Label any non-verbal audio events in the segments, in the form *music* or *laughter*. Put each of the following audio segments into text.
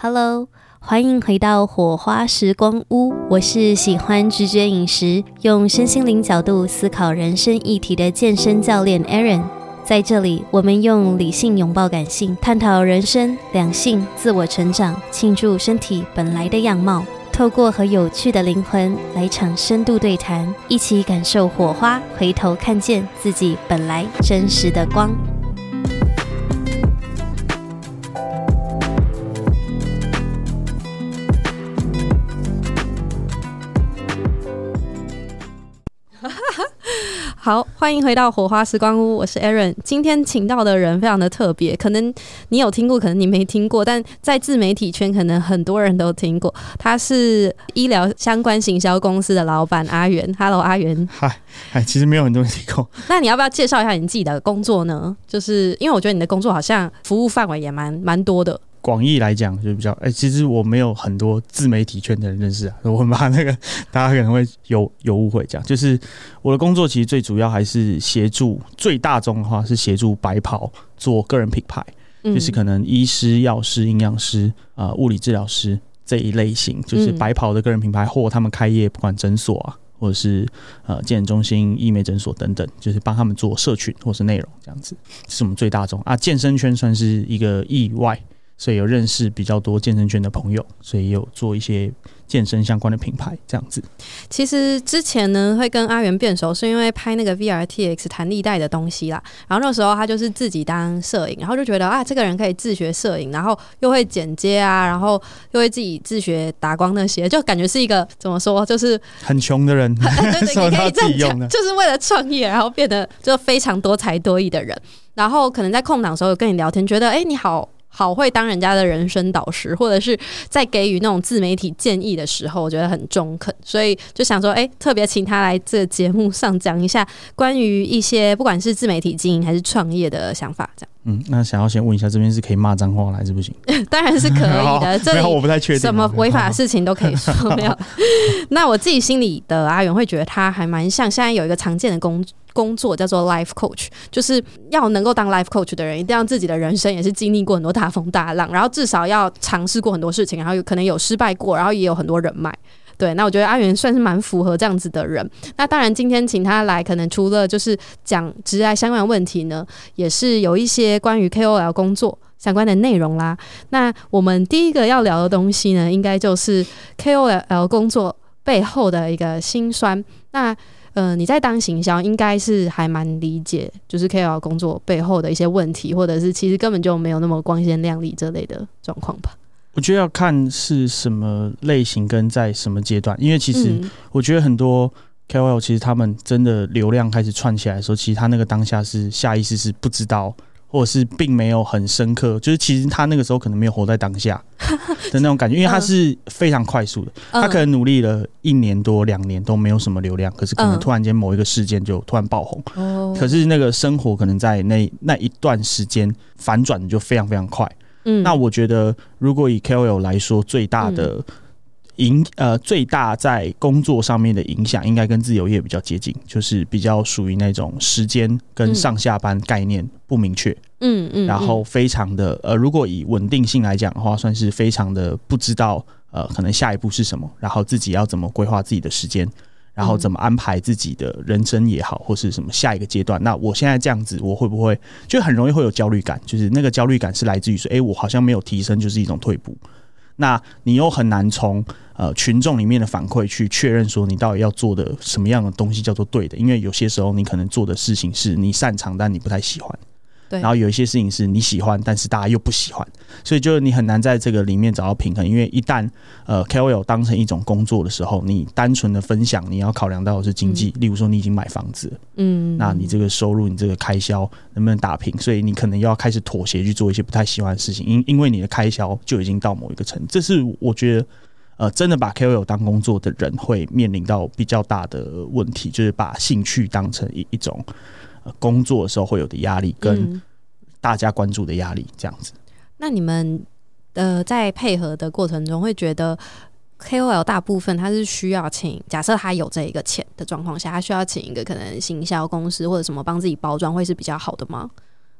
Hello，歡迎回到火花拾光屋。我是喜歡直覺飲食、用身心靈角度思考人生議題的健身教練 Aaron。在這裡，我們用理性擁抱感性，探討人生、兩性、自我成長，慶祝身體本來的樣貌，透過和有趣的靈魂來場深度對談，一起感受火花，回頭看見自己本來真實的光。好，歡迎回到火花拾光屋，我是 Erin。今天請到的人非常的特別，可能你有聽過，可能你沒聽過，但在自媒體圈，可能很多人都聽過。他是醫療相關行銷公司的老板阿元。哈嘍阿元。嗨，嗨，其實沒有很多人聽過。那你要不要介紹一下你自己的工作呢？就是因為我覺得你的工作好像服務範圍也蠻蠻多的。廣義來講，就比較哎、欸，其實我沒有很多自媒體圈的人認識啊，我很怕那個大家可能會有有誤會這樣，樣就是我的工作其實最主要還是協助最大宗的話是協助白袍做個人品牌，嗯、就是可能醫師、藥師、營養師啊、呃、物理治療師，這一類型，就是白袍的個人品牌或他們開業不管診所啊，嗯、或者是呃健身中心、醫美診所等等，就是幫他們做社群或是內容這樣子，就是我們最大宗啊，健身圈算是一個意外。所以有認識比較多健身圈的朋友，所以也有做一些健身相關的品牌這樣子。其實之前呢，會跟阿元變熟，是因為拍那個 V R T X 彈力帶的東西啦。然後那時候他就是自己當攝影，然後就覺得啊，這個人可以自學攝影，然後又會剪接啊，然後又會自己自學打光那些，就感覺是一個怎麼說，就是很窮的人，什麼都可以自己用的，就是為了創業，然後變得就非常多才多藝的人。然後可能在空檔的時候跟你聊天，覺得哎、欸，你好。好會當人家的人生導師，或者是在給予那種自媒體建議的時候，我覺得很中肯，所以就想說，哎、欸，特別請他來這節目上講一下關於一些不管是自媒體經營還是創業的想法，這樣。嗯，那想要先問一下，這邊是可以罵髒話了還是不行？ *laughs* 當然是可以的，最後我不太確定什麼違法事情都可以說。沒有， *laughs* 那我自己心裡的阿元會覺得他還蠻像，現在有一個常見的工作。工作叫做 life coach，就是要能夠當 life coach 的人，一定要自己的人生也是經歷過很多大風大浪，然後至少要嘗試過很多事情，然後可能有失敗過，然後也有很多人脈。對，那我覺得阿元算是蠻符合這樣子的人。那當然，今天請他來，可能除了就是講職涯相關的問題呢，也是有一些關於 K O L 工作相關的內容啦。那我們第一個要聊的東西呢，應該就是 K O L 工作背後的一個心酸。那呃，你在當行銷，應該是還蠻理解，就是 KOL 工作背後的一些問題，或者是其實根本就沒有那麼光鮮亮麗這類的狀況吧？我覺得要看是什麼類型跟在什麼階段，因為其實我覺得很多 KOL 其實他們真的流量開始竄起來的時候，其實他那個當下是下意識是不知道。或者是並沒有很深刻，就是其實他那個時候可能沒有活在當下的那種感覺，因為他是非常快速的，他可能努力了一年多兩年都沒有什麼流量，可是可能突然間某一個事件就突然爆紅，哦、可是那個生活可能在那那一段時間反轉就非常非常快。嗯、那我覺得如果以 KOL 來說最大的。影呃，最大在工作上面的影響應該跟自由業比較接近，就是比較屬於那種時間跟上下班概念不明確，嗯嗯，然後非常的呃，如果以穩定性來講的話，算是非常的不知道呃，可能下一步是什麼，然後自己要怎麼規劃自己的時間，然後怎麼安排自己的人生也好，或是什麼下一個階段。那我現在這樣子，我會不會就很容易會有焦慮感？就是那個焦慮感是來自於說，欸，我好像沒有提升，就是一種退步。那你又很難從呃，群眾裡面的反饋去確認說，你到底要做的什麼樣的東西叫做對的？因為有些時候你可能做的事情是你擅長，但你不太喜歡；對，然後有一些事情是你喜歡，但是大家又不喜歡，所以就是你很難在這個裡面找到平衡。因為一旦呃 KOL 當成一種工作的時候，你單純的分享，你要考量到的是經濟。例如說，你已經買房子，嗯，那你這個收入，你這個開銷能不能打平？所以你可能又要開始妥協去做一些不太喜歡的事情，因因為你的開銷就已經到某一個程度。這是我覺得。呃，真的把 KOL 當工作的人會面臨到比較大的問題，就是把興趣當成一一種工作的時候會有的壓力跟大家關注的壓力這樣子。嗯，那你們呃在配合的過程中，會覺得 KOL 大部分他是需要請？假設他有這一個錢的狀況下，他需要請一個可能行銷公司或者什麼幫自己包裝，會是比較好的嗎？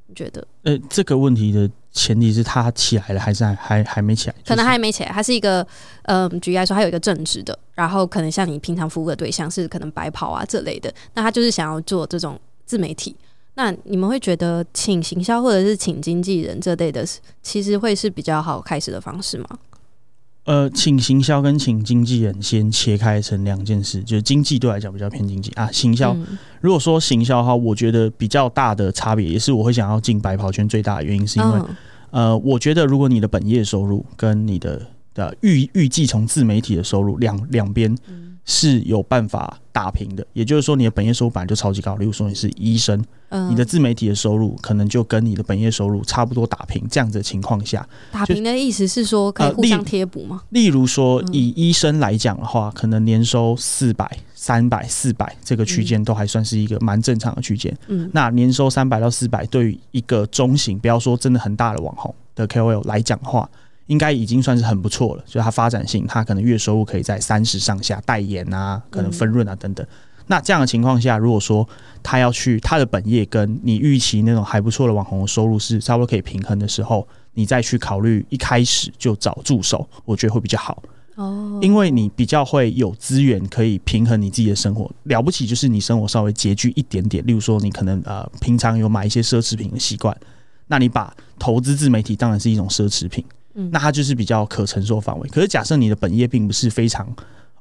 你覺得？呃，這個問題的。前提是他起來了還是還還，還沒起來？就是、可能還沒起來，他是一個，嗯、呃，舉例來說，他有一個正職的，然後可能像你平常服務的對象是可能白跑啊這類的，那他就是想要做這種自媒體。那你們會覺得請行銷或者是請經紀人這類的，其實會是比較好開始的方式嗎？呃，請行銷跟請經紀人先切開成兩件事，就是經紀對來講比較偏經紀啊，行銷。嗯、如果說行銷的話，我覺得比較大的差別，也是我會想要進白袍圈最大的原因，是因為，哦、呃，我覺得如果你的本業收入跟你的的預預計從自媒體的收入兩兩邊。是有辦法打平的，也就是說你的本業收入本來就超級高，例如說你是醫生，嗯、你的自媒體的收入可能就跟你的本業收入差不多打平。這樣子的情況下，打平的意思是說可以互相貼補嗎？呃、例、例如說以醫生來講的話，嗯、可能年收四百、三百、四百這個區間都還算是一個蠻正常的區間。嗯，那年收三百到四百，對於一個中型，不要說真的很大的網紅的 KOL 來講的話，應該已經算是很不錯了，所以它發展性，它可能月收入可以在三十上下，代言啊，可能分潤啊等等。嗯、那這樣的情況下，如果說他要去他的本業跟你預期那種還不錯的網紅的收入是差不多可以平衡的時候，你再去考慮一開始就找助手，我覺得會比較好哦，哦，哦，哦，因為你比較會有資源可以平衡你自己的生活。了不起就是你生活稍微拮據，一點點，例如說你可能呃平常有買一些奢侈品的習慣，那你把投資自媒體當然是一種奢侈品。那它就是比較可承受範圍。可是假設你的本業並不是非常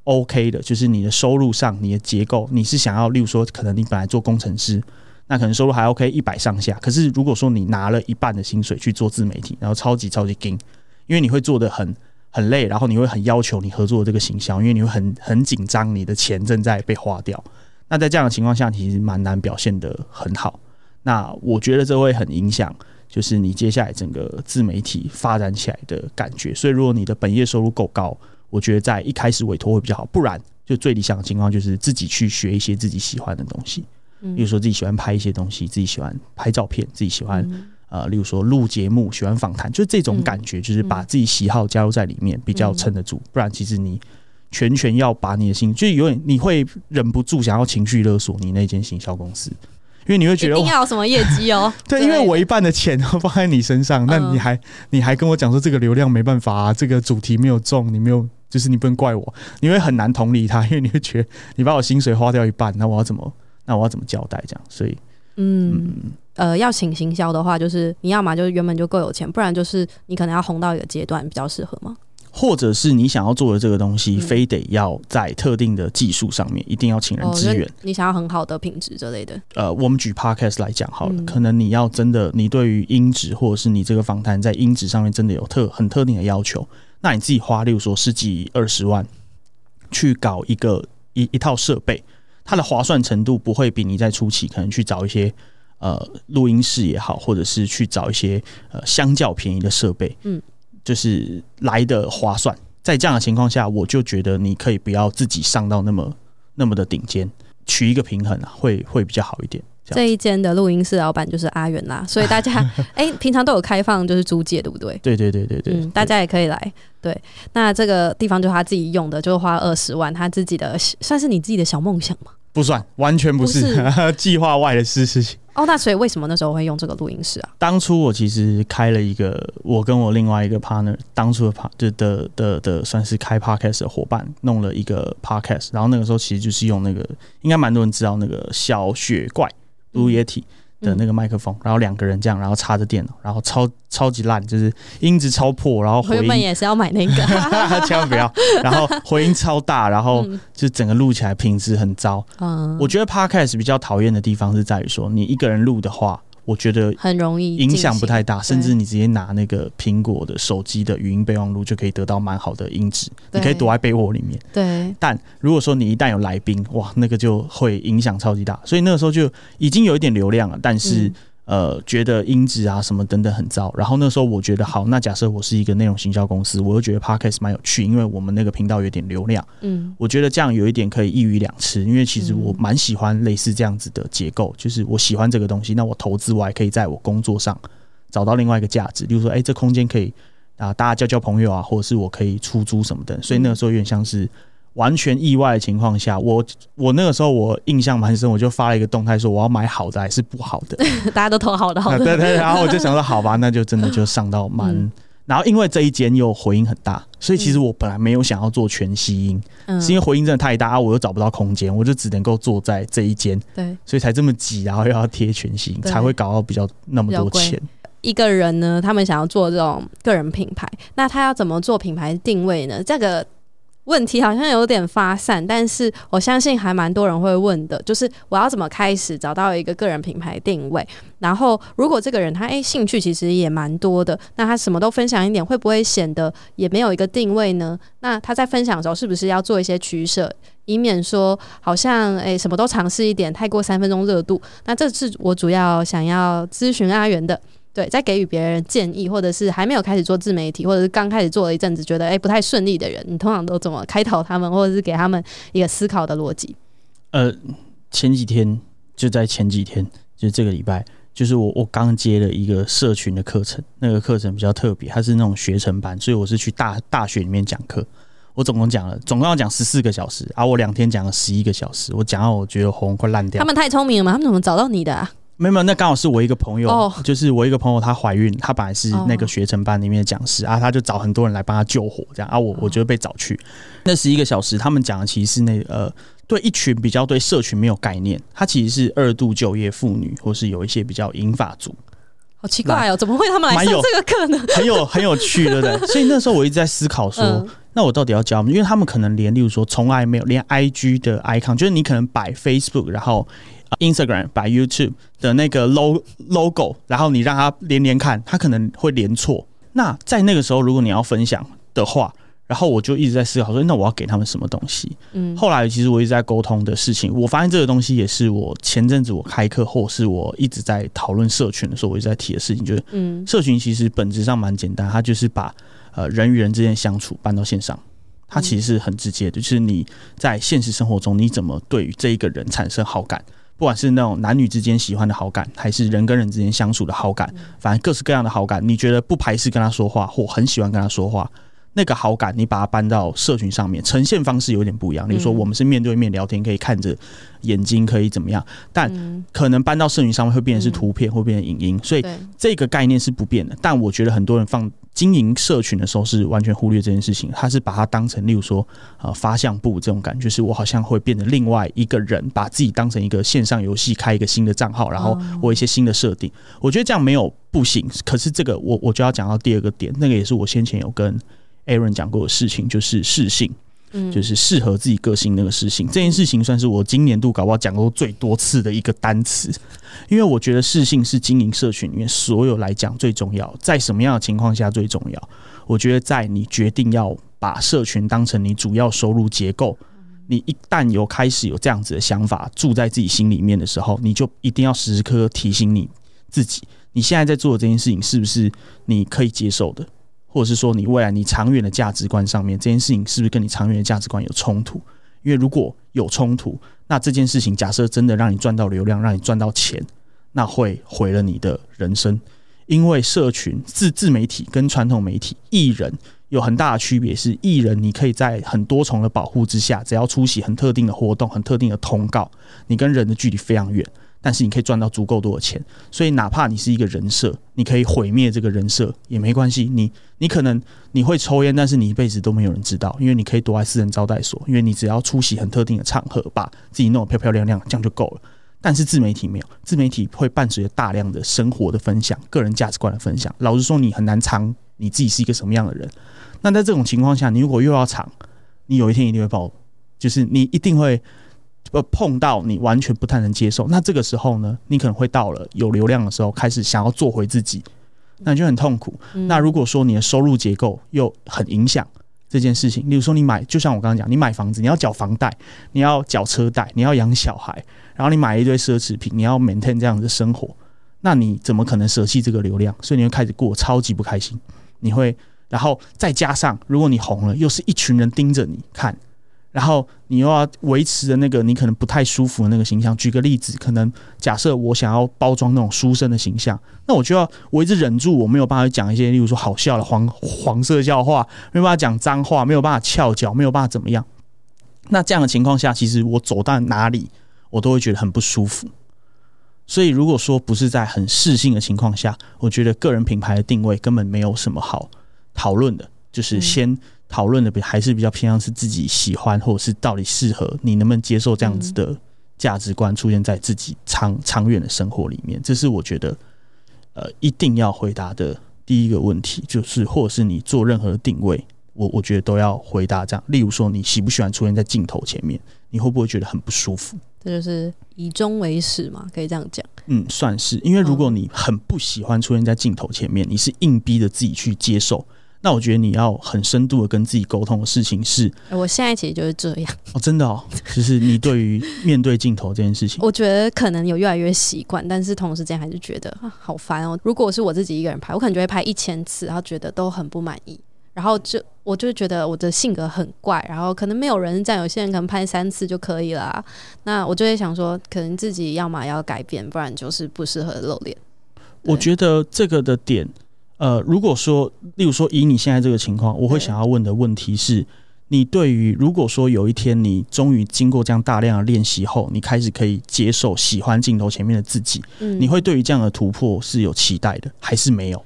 OK 的，就是你的收入上，你的結構，你是想要，例如說，可能你本來做工程師，那可能收入還 OK，一百上下。可是如果說你拿了一半的薪水去做自媒體，然後超級超級 gain，因為你會做得很很累，然後你會很要求你合作的這個形象，因為你會很很緊張，你的錢正在被花掉。那在這樣的情況下，其實蠻難表現得很好。那我覺得這會很影響。就是你接下來整個自媒體發展起來的感覺，所以如果你的本業收入夠高，我覺得在一開始委託會比較好，不然就最理想的情況就是自己去學一些自己喜歡的東西，例如說自己喜歡拍一些東西，自己喜歡拍照片，自己喜歡啊、呃，例如說錄節目，喜歡訪談，就這種感覺，就是把自己喜好加入在裡面，比較撐得住，不然其實你全權要把你的心，就是有點你會忍不住想要情緒勒索你那間行銷公司。因為你會覺得一定要有什麼業績哦？ *laughs* 對，對因為我一半的錢都放在你身上，那對你還你還跟我講說這個流量沒辦法、啊，呃、這個主題沒有中，你沒有，就是你不能怪我，你會很難同理他，因為你會覺得你把我薪水花掉一半，那我要怎麼那我要怎麼交代這樣？所以，嗯，嗯呃，要請行銷的話，就是你要嘛，就是原本就夠有錢，不然就是你可能要紅到一個階段比較適合嗎？或者是你想要做的這個東西，嗯、非得要在特定的技術上面，一定要請人支援。哦就是、你想要很好的品質之類的。呃，我們舉 Podcast 來講好了，嗯、可能你要真的，你對於音質或者是你這個訪談在音質上面真的有特很特定的要求，那你自己花，例如說十幾二十萬去搞一個一一套設備，它的划算程度不會比你在初期可能去找一些呃錄音室也好，或者是去找一些呃相較便宜的設備，嗯。就是來的划算，在這樣的情況下，我就覺得你可以不要自己上到那麼那麼的頂尖，取一個平衡啊，會會比較好一點這樣子。這一間的錄音室老闆就是阿元啦，所以大家誒、 *laughs* 欸、平常都有開放就是租借對不對？對對對對對，大家也可以來。對，那這個地方就是他自己用的，就花二十萬，他自己的算是你自己的小夢想嘛。不算，完全不是計劃是 *laughs* 外的事事情。哦，那所以為什麼那時候會用這個錄音室啊？當初我其實開了一個，我跟我另外一個 partner，當初的 par 就的的的算是開 podcast 的伙伴，弄了一個 podcast，然後那個時候其實就是用那個，應該蠻多人知道那個小雪怪盧液體。嗯的那個麥克風，嗯、然後兩個人這樣，然後插着電腦，然後超超級爛，就是音質超破，然後回音也是要買那個，哈哈哈哈 *laughs* 千萬不要，然後回音超大，然後就整個錄起來品質很糟。嗯、我覺得 Podcast 比較討厭的地方是在於說，你一個人錄的話。我覺得很容易，影響不太大，甚至你直接拿那個蘋果的手機的語音備忘錄就可以得到蠻好的音質。對你可以躲在被窩裡面。對，但如果說你一旦有來賓，哇，那個就會影響超級大。所以那個時候就已經有一點流量了，但是、嗯。呃，覺得音質啊什麼等等很糟。然後那時候我覺得好，那假設我是一個內容行銷公司，我又覺得 Podcast 蠻有趣，因為我們那個頻道有點流量。嗯，我覺得這樣有一點可以一魚兩吃，因為其實我蠻喜歡類似這樣子的結構，嗯、就是我喜歡這個東西，那我投資我還可以在我工作上找到另外一個價值，比如說哎、欸，這空間可以啊，大家交交朋友啊，或者是我可以出租什麼的。所以那個時候有點像是。嗯完全意外的情況下，我我那個時候我印象蠻深，我就發了一個動態說我要買好的還是不好的， *laughs* 大家都投好的好的，啊。對，對對，然後我就想說好吧， *laughs* 那就真的就上到滿。嗯、然後因為這一間又回音很大，所以其實我本來沒有想要做全吸音，嗯、是因為回音真的太大，啊，我又找不到空間，我就只能夠坐在這一間。對，所以才這麼擠，然後又要貼全吸音，對才會搞到比較那麼多錢。一個人呢，他們想要做這種個人品牌，那他要怎麼做品牌定位呢？這個。問題好像有點發散，但是我相信還蠻多人會問的，就是我要怎麼開始找到一個個人品牌定位？然後如果這個人他誒、欸、興趣其實也蠻多的，那他什麼都分享一點，會不會顯得也沒有一個定位呢？那他在分享的時候是不是要做一些取舍，以免說好像誒、欸、什麼都嘗試一點，太過三分鐘熱度？那這是我主要想要諮詢阿元的。對，在給予別人建議，或者是還沒有開始做自媒體，或者是剛開始做了一陣子，覺得哎、欸、不太順利的人，你通常都怎麼開導他們，或者是給他們一個思考的邏輯？呃，前幾天就在前幾天，就這個禮拜，就是我我剛接了一個社群的課程，那個課程比較特別，它是那種學程班，所以我是去大大學裡面講課，我總共講了總共要講十四個小時，而、啊、我兩天講了十一個小時，我講到我覺得喉嚨快爛掉。他們太聰明了嗎？他們怎麼找到你的、啊？沒有沒有，那剛好是我一個朋友，oh. 就是我一個朋友，她懷孕，她本來是那個學成班裡面的講師、oh. 啊，她就找很多人來幫她救火這樣啊，我，我我就被找去，oh. 那十一個小時，他們講的其實是那個、呃，對一群比較對社群沒有概念，她其實是二度就業婦女，或是有一些比較銀髮族，好奇怪哦，但怎麼會他們來上這個課呢？很有很有趣， *laughs* 對不對？所以那時候我一直在思考說，嗯、那我到底要教他們？因為他們可能連，例如說從來沒有連 IG 的 icon 就是你可能擺 Facebook 然後，Instagram 把 YouTube 的那個 log logo，然後你讓他連連看，他可能會連錯。那在那個時候，如果你要分享的話，然後我就一直在思考說，那我要給他們什麼東西？嗯，後來其實我一直在溝通的事情，我發現這個東西也是我前陣子我開課，或是我一直在討論社群的時候，我一直在提的事情，就是嗯，社群其實本質上蠻簡單，它就是把呃人與人之間相處搬到線上，它其實是很直接的，就是你在現實生活中你怎麼對這一個人產生好感。不管是那種男女之間喜歡的好感，還是人跟人之間相處的好感，反正各式各樣的好感，你覺得不排斥跟他說話，或很喜歡跟他說話。那個好感，你把它搬到社群上面，呈現方式有點不一樣。嗯、比如說，我們是面對面聊天，可以看着眼睛，可以怎麼樣？但可能搬到社群上面會變成是圖片，嗯、會變成影音。嗯、所以這個概念是不變的。但我覺得很多人放經營社群的時候，是完全忽略這件事情。他是把它當成，例如說，呃，發相簿這種感覺，就是我好像會變成另外一個人，把自己當成一個線上遊戲，開一個新的賬號，然後我一些新的設定。哦、我覺得這樣沒有不行。可是這個我，我我就要講到第二個點，那個也是我先前有跟。Aaron 講過的事情就是適性，嗯，就是適合自己個性那個適性。這件事情算是我今年度搞不好講過最多次的一個單詞，因為我覺得適性是經營社群裡面所有來講最重要，在什麼樣的情況下最重要？我覺得在你決定要把社群當成你主要收入結構，你一旦有開始有這樣子的想法住在自己心裡面的時候，你就一定要時時刻刻提醒你自己，你現在在做的這件事情是不是你可以接受的。或者是說，你未來你長遠的價值觀上面這件事情，是不是跟你長遠的價值觀有衝突？因為如果有衝突，那這件事情假設真的讓你賺到流量，讓你賺到錢，那會毀了你的人生。因為社群自自媒體跟傳統媒體藝人有很大的區別，是藝人你可以在很多重的保護之下，只要出席很特定的活動、很特定的通告，你跟人的距離非常遠，但是你可以賺到足夠多的錢，所以哪怕你是一個人設，你可以毀滅這個人設也沒關係。你你可能你會抽菸，但是你一輩子都沒有人知道，因為你可以躲在私人招待所，因為你只要出席很特定的場合，把自己弄得漂漂亮亮，這樣就夠了。但是自媒體沒有，自媒體會伴隨着大量的生活的分享、個人價值觀的分享。老實說，你很難藏你自己是一個什麼樣的人。那在這種情況下，你如果又要藏，你有一天一定會爆，就是你一定會。不碰到你，完全不太能接受。那這個時候呢，你可能會到了有流量的時候，開始想要做回自己，那就很痛苦。嗯、那如果說你的收入結構又很影響這件事情，例如說你買，就像我剛剛講，你買房子，你要繳房貸，你要繳車貸，你要養小孩，然後你買一堆奢侈品，你要 maintain 這樣子的生活，那你怎麼可能捨棄這個流量？所以你會開始過超級不開心。你會，然後再加上，如果你紅了，又是一群人盯着你看。然後你又要維持的那個你可能不太舒服的那個形象。舉個例子，可能假設我想要包裝那種書生的形象，那我就要我一直忍住我，我沒有辦法講一些，例如說好笑的黃黃色笑話，沒有辦法講髒話，沒有辦法翹腳，沒有辦法怎麼樣。那這樣的情況下，其實我走到哪裡，我都會覺得很不舒服。所以如果說不是在很適性的情況下，我覺得個人品牌的定位根本沒有什麼好討論的，就是先。討論的比還是比較偏向是自己喜歡或者是到底適合，你能不能接受這樣子的價值觀出現在自己長長遠的生活裡面，這是我覺得呃一定要回答的第一個問題，就是或者是你做任何的定位，我我覺得都要回答這樣。例如說你喜不喜歡出現在鏡頭前面，你會不會覺得很不舒服？嗯、這就是以終為始嘛，可以這樣講。嗯，算是，因為如果你很不喜歡出現在鏡頭前面，哦、你是硬逼着自己去接受。那我覺得你要很深度的跟自己溝通的事情是，我現在其實就是這樣哦，真的哦，就是你對於面對鏡頭這件事情， *laughs* 我覺得可能有越來越習慣，但是同時間還是覺得、啊、好煩哦。如果是我自己一個人拍，我可能就會拍一千次，然後覺得都很不滿意，然後就我就覺得我的性格很怪，然後可能沒有人贊，有些人可能拍三次就可以了。那我就會想說，可能自己要麼要改變，不然就是不適合露臉。我覺得這個的點。呃，如果說，例如說以你現在這個情況，我會想要問的問題是，對、你對於如果說有一天你終於經過這樣大量的練習後，你開始可以接受喜歡鏡頭前面的自己，嗯、你會對於這樣的突破是有期待的，還是沒有？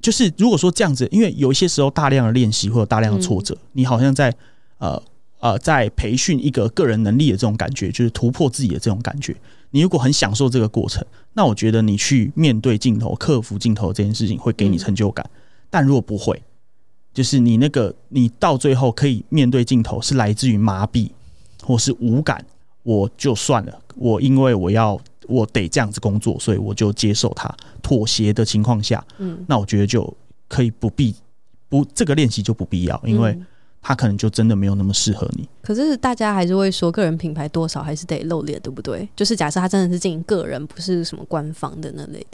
就是如果說這樣子，因為有一些時候大量的練習會有大量的挫折，嗯、你好像在呃。呃，在培訓一個個人能力的這種感覺，就是突破自己的這種感覺。你如果很享受這個過程，那我覺得你去面對鏡頭、克服鏡頭這件事情會給你成就感。嗯、但如果不會，就是你那個你到最後可以面對鏡頭，是來自於麻痹或是無感。我就算了，我因為我要我得這樣子工作，所以我就接受它妥協的情況下，嗯，那我覺得就可以不必不這個練習就不必要，因為、嗯。他可能就真的沒有那麼適合你。可是大家還是會說，個人品牌多少還是得露臉，對不對？就是假設他真的是進個人，不是什麼官方的那類的。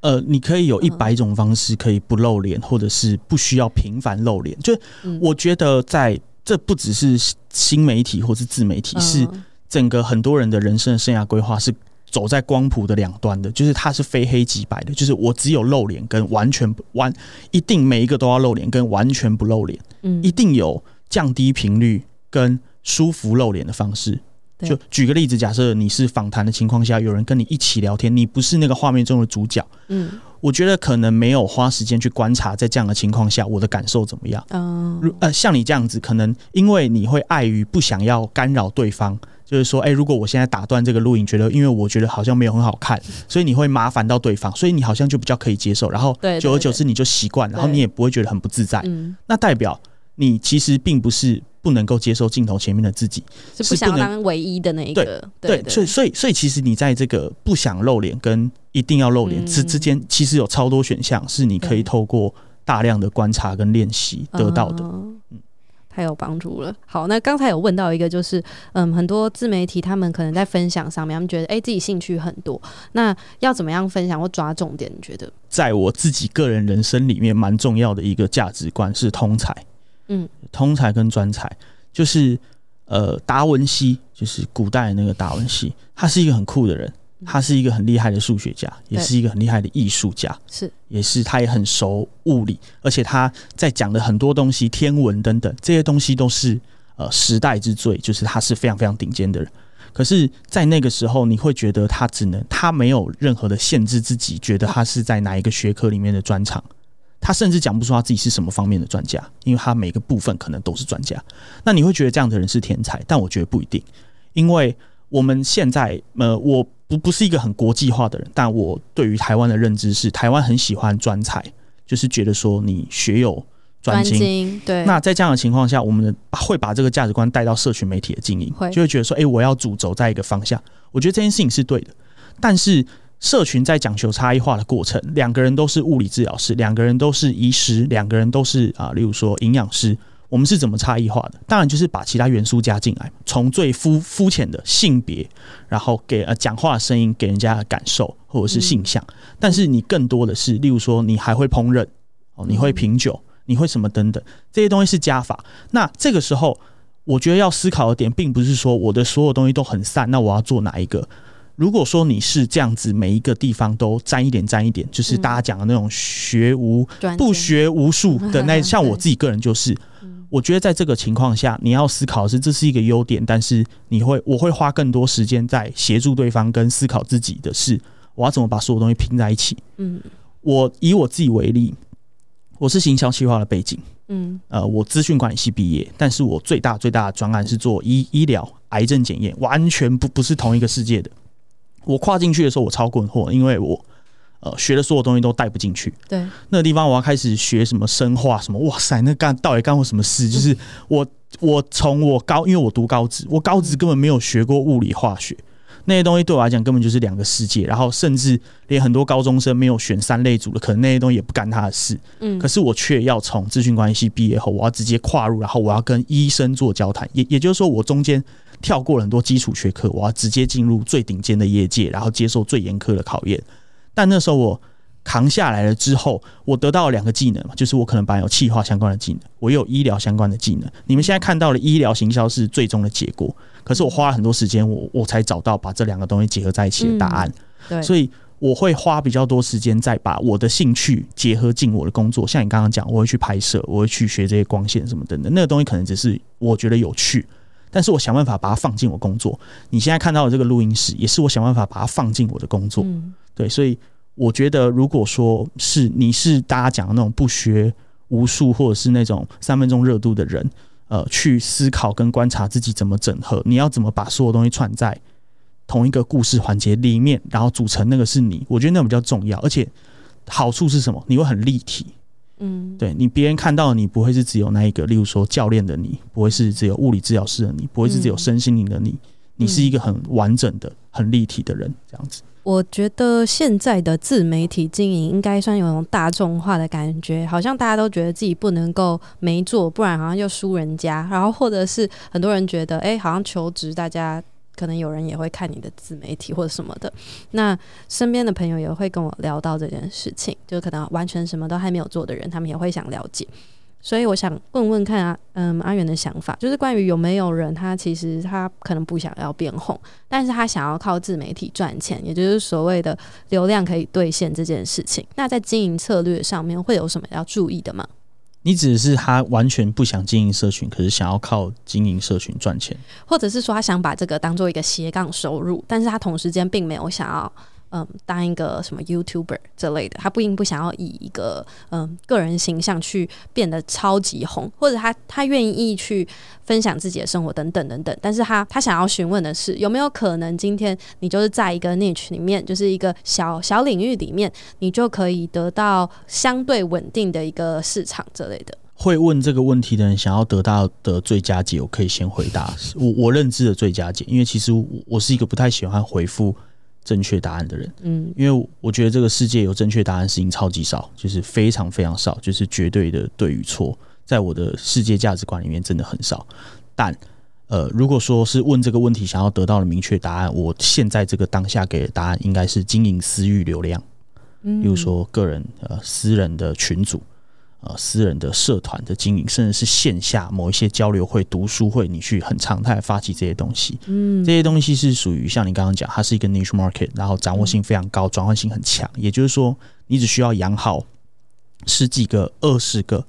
呃，你可以有一百種方式可以不露臉，嗯、或者是不需要頻繁露臉。就是、嗯、我覺得在，在這不只是新媒體或是自媒體，是整個很多人的人生的生涯規劃是。走在光譜的兩端的。就是它是非黑即白的，就是我只有露臉跟完全不完，一定每一個都要露臉跟完全不露臉，嗯，一定有降低頻率跟舒服露臉的方式。對就舉個例子，假設你是訪談的情況下，有人跟你一起聊天，你不是那個畫面中的主角，嗯，我覺得可能沒有花時間去觀察，在這樣的情況下，我的感受怎麼樣？嗯、oh，呃，像你這樣子，可能因為你會礙於不想要干擾對方。就是說，哎、欸，如果我現在打斷這個錄影，覺得因為我覺得好像沒有很好看，所以你會麻煩到對方，所以你好像就比較可以接受。然後，久而久之你就習慣，然後你也不會覺得很不自在。對對對對，那代表你其實並不是不能夠接受鏡頭前面的自己，嗯、是不能是不想當唯一的那一個。對對，所以所以所以，所以其實你在這個不想露臉跟一定要露臉之間、嗯、之間，其實有超多選項是你可以透過大量的觀察跟練習得到的。嗯。嗯太有幫助了。好，那剛才有問到一個，就是嗯，很多自媒體他們可能在分享上面，他們覺得哎、欸，自己興趣很多，那要怎麼樣分享或抓重點，你覺得？在我自己個人人生裡面，蠻重要的一個價值觀是通才。嗯，通才跟專才，就是呃，達文西，就是古代的那個達文西，他是一個很酷的人。他是一個很厲害的數學家，也是一個很厲害的藝術家，是，也是他也很熟物理，而且他在講的很多東西，天文等等，這些東西都是呃時代之最，就是他是非常非常頂尖的人。可是，在那個時候，你會覺得他只能他沒有任何的限制自己，覺得他是在哪一個學科裡面的專長，他甚至講不出他自己是什麼方面的專家，因為他每個部分可能都是專家。那你會覺得這樣的人是天才，但我覺得不一定，因為我們現在，呃，我。不不是一個很國際化的人，但我對於台灣的認知是，台灣很喜歡專才，就是覺得說你學有專精。專精，對。那在這樣的情況下，我們會把這個價值觀帶到社群媒體的經營，就會覺得說，哎、欸，我要主軸在一個方向。我覺得這件事情是對的，但是社群在講求差異化的過程，兩個人都是物理治療師，兩個人都是醫師，兩個人都是啊，例如說營養師。我們是怎麼差異化的？當然就是把其他元素加進來，從最膚膚淺的性別，然後給呃講話的聲音給人家的感受，或者是性向。嗯、但是你更多的是，例如說你還會烹飪哦，你會品酒，你會什麼等等，嗯、這些東西是加法。那這個時候，我覺得要思考的點，並不是說我的所有東西都很散，那我要做哪一個？如果說你是這樣子，每一個地方都沾一點沾一點，就是大家講的那種學無不學無術的那，像我自己個人就是。嗯我覺得在這個情況下，你要思考的是這是一個優點，但是你會我會花更多時間在協助對方跟思考自己的事。我要怎麼把所有東西拼在一起？嗯，我以我自己為例，我是行銷企劃的背景，嗯，呃，我資訊管理系畢業，但是我最大最大的專案是做醫、嗯、醫療癌症檢驗，完全不不是同一個世界的。我跨進去的時候，我超困惑，因為我。呃，學的所有的東西都帶不進去。對，那個地方我要開始學什麼生化什麼？哇塞，那幹到底幹我什麼事？ *laughs* 就是我，我從我高，因為我讀高職，我高職根本沒有學過物理化學，那些東西對我來講根本就是兩個世界。然後，甚至連很多高中生沒有選三類組的，可能那些東西也不干他的事。嗯。可是我卻要從資訊關係畢業後，我要直接跨入，然後我要跟醫生做交談。也也就是說，我中間跳過了很多基礎學科，我要直接進入最頂尖的業界，然後接受最嚴苛的考驗。但那時候我扛下來了之後，我得到了兩個技能嘛，就是我可能把有企劃相關的技能，我有醫療相關的技能。你們現在看到的醫療行銷是最終的結果，可是我花了很多時間，我我才找到把這兩個東西結合在一起的答案。嗯、對，所以我會花比較多時間再把我的興趣結合進我的工作。像你剛剛講，我會去拍攝，我會去學這些光線什麼等等，那個東西可能只是我覺得有趣，但是我想辦法把它放進我工作。你現在看到的這個錄音室，也是我想辦法把它放進我的工作。嗯、對，所以。我覺得，如果說是你是大家講的那種不學無術，或者是那種三分鐘熱度的人，呃，去思考跟觀察自己怎麼整合，你要怎麼把所有東西串在同一個故事環節裡面，然後組成那個是你，我覺得那種比較重要。而且好處是什麼？你會很立體，嗯對，對你別人看到你不會是只有那一個，例如說教練的你，不會是只有物理治療師的你，不會是只有身心靈的你，你是一個很完整的、很立體的人，這樣子。我覺得現在的自媒體經營應該算有種大眾化的感覺，好像大家都覺得自己不能夠沒做，不然好像又輸人家。然後或者是很多人覺得，哎、欸，好像求職，大家可能有人也會看你的自媒體或者什麼的。那身邊的朋友也會跟我聊到這件事情，就可能完全什麼都還沒有做的人，他們也會想了解。所以我想問問看啊，嗯，阿元的想法就是關於有沒有人，他其實他可能不想要變紅，但是他想要靠自媒體賺錢，也就是所謂的流量可以兌現這件事情。那在經營策略上面會有什麼要注意的嗎？你指的是他完全不想經營社群，可是想要靠經營社群賺錢，或者是說他想把這個當做一個斜槓收入，但是他同時間並沒有想要。嗯，當一個什麼 YouTuber 之類的，他不應不想要以一個嗯個人形象去變得超級紅，或者他他願意去分享自己的生活等等等等。但是他，他他想要詢問的是，有沒有可能今天你就是在一個 niche 裡面，就是一個小小領域裡面，你就可以得到相對穩定的一個市場之類的？會問這個問題的人想要得到的最佳解，我可以先回答我我認知的最佳解，因為其實我是一個不太喜歡回復。正確答案的人，嗯，因為我覺得這個世界有正確答案事情，超級少，就是非常非常少，就是絕對的對與錯，在我的世界價值觀裡面真的很少。但，呃，如果說是問這個問題，想要得到的明確答案，我現在這個當下給的答案應該是經營私域流量，嗯，例如說個人呃私人的群組。呃，私人的社團的經營，甚至是線下某一些交流會、讀書會，你去很常態發起這些東西，嗯，這些東西是屬於像你剛剛講，它是一個 niche market，然後掌握性非常高，嗯、轉換性很強。也就是說，你只需要養好十幾個、二十個，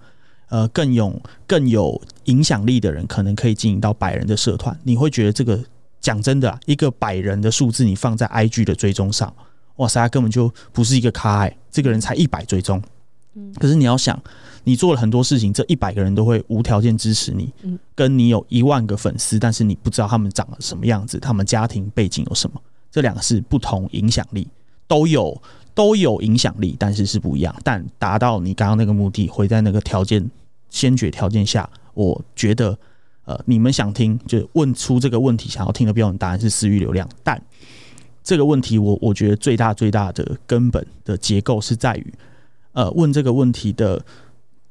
呃，更有更有影響力的人，可能可以經營到百人的社團。你會覺得這個講真的，一個百人的數字，你放在 IG 的追蹤上，哇塞，根本就不是一個咖哎、欸，這個人才一百追蹤。可是你要想，你做了很多事情，這一百個人都會無條件支持你。跟你有一萬個粉絲，但是你不知道他們長了什麼樣子，他們家庭背景有什麼，這兩個是不同影響力，都有都有影響力，但是是不一樣。但達到你剛剛那個目的，回在那個條件先決條件下，我覺得呃，你們想聽就問出這個問題，想要聽的標準答案是私域流量。但這個問題我，我我覺得最大最大的根本的結構是在於。呃，問這個問題的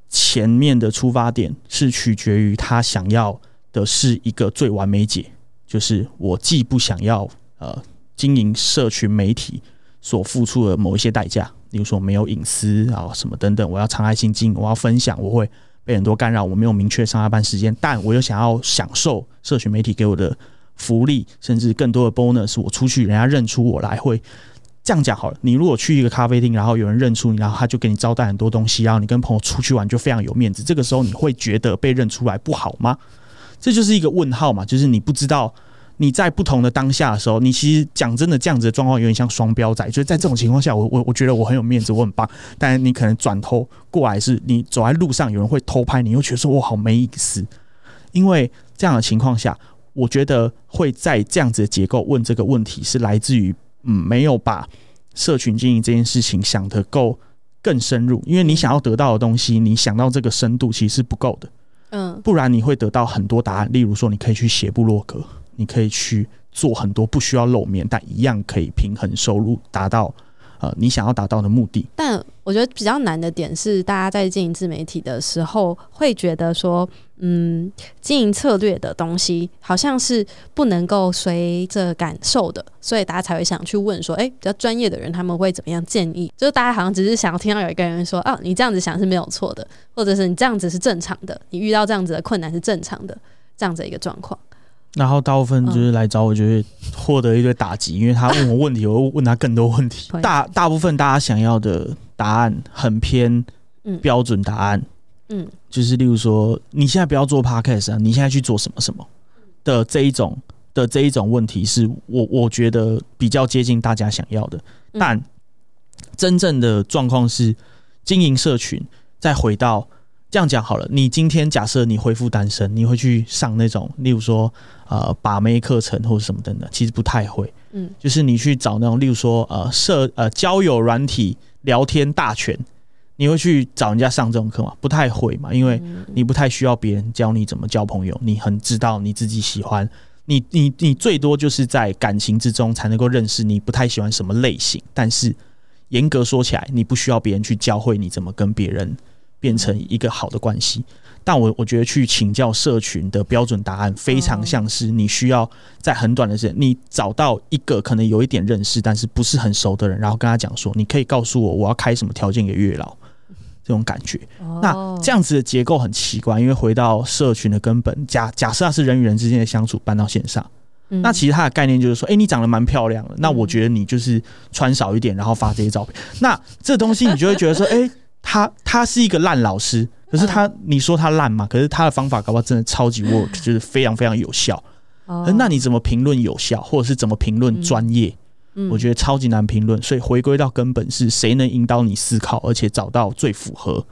前面的出發點是取決於他想要的是一個最完美解，就是我既不想要呃經營社群媒體所付出的某一些代價，比如說沒有隱私啊什麼等等，我要敞開心經營，我要分享，我會被很多干擾，我沒有明確上下班時間，但我又想要享受社群媒體給我的福利，甚至更多的 bonus，我出去人家認出我來會。這樣講好了，你如果去一個咖啡廳，然後有人認出你，然後他就給你招待很多東西，然後你跟朋友出去玩就非常有面子。這個時候你會覺得被認出來不好嗎？這就是一個問號嘛，就是你不知道你在不同的當下的時候，你其實講真的，這樣子的狀況有點像雙標仔。就是在這種情況下，我我我覺得我很有面子，我很棒。但你可能轉頭過來是你走在路上，有人會偷拍你，又覺得說我好沒意思。因為這樣的情況下，我覺得會在這樣子的結構問這個問題是來自於。嗯，沒有把社群經營這件事情想得夠更深入，因為你想要得到的東西，你想到這個深度其實是不夠的，嗯，不然你會得到很多答案。例如說，你可以去寫部落格，你可以去做很多不需要露面，但一樣可以平衡收入達、達到，呃，你想要達到的目的。我覺得比較難的點是，大家在經營自媒體的時候，會覺得說，嗯，經營策略的東西好像是不能夠隨着感受的，所以大家才會想去問說，哎、欸，比較專業的人他們會怎麼樣建議？就是大家好像只是想要聽到有一個人說，啊，你這樣子想是沒有錯的，或者是你這樣子是正常的，你遇到這樣子的困難是正常的，這樣子一個狀況。然後大部分就是來找我，就會獲得一堆打擊，oh. 因為他問我問題， *laughs* 我會問他更多問題。 *laughs* 大大部分大家想要的答案很偏，標準答案，嗯，就是例如說，你現在不要做 podcast 啊，你現在去做什麼什麼的這一種的這一種問題，是我我覺得比較接近大家想要的。但真正的狀況是，經營社群，再回到。這樣講好了，你今天假設你恢復單身，你會去上那種，例如說，呃，把妹課程或者什麼等等？其實不太會，嗯，就是你去找那種，例如說，呃，社，呃，交友軟體聊天大全，你會去找人家上這種課嗎？不太會嘛，因為你不太需要別人教你怎麼交朋友，你很知道你自己喜歡，你，你，你最多就是在感情之中才能夠認識你不太喜歡什麼類型，但是嚴格說起來，你不需要別人去教會你怎麼跟別人。變成一個好的關係，但我我覺得去請教社群的標準答案，非常像是你需要在很短的時間，你找到一個可能有一點認識，但是不是很熟的人，然後跟他講說，你可以告訴我我要開什麼條件給月老這種感覺。那這樣子的結構很奇怪，因為回到社群的根本，假假設是人與人之間的相處搬到線上，那其實它的概念就是說，哎，你長得蠻漂亮的，那我覺得你就是穿少一點，然後發這些照片，那這東西你就會覺得說，哎。他他是一個爛老師，可是他你說他爛嘛？嗯、可是他的方法搞不好真的超級 work，、嗯、就是非常非常有效。嗯、那你怎麼評論有效，或者是怎麼評論專業？嗯嗯、我覺得超級難評論。所以回歸到根本是誰能引導你思考，而且找到最符合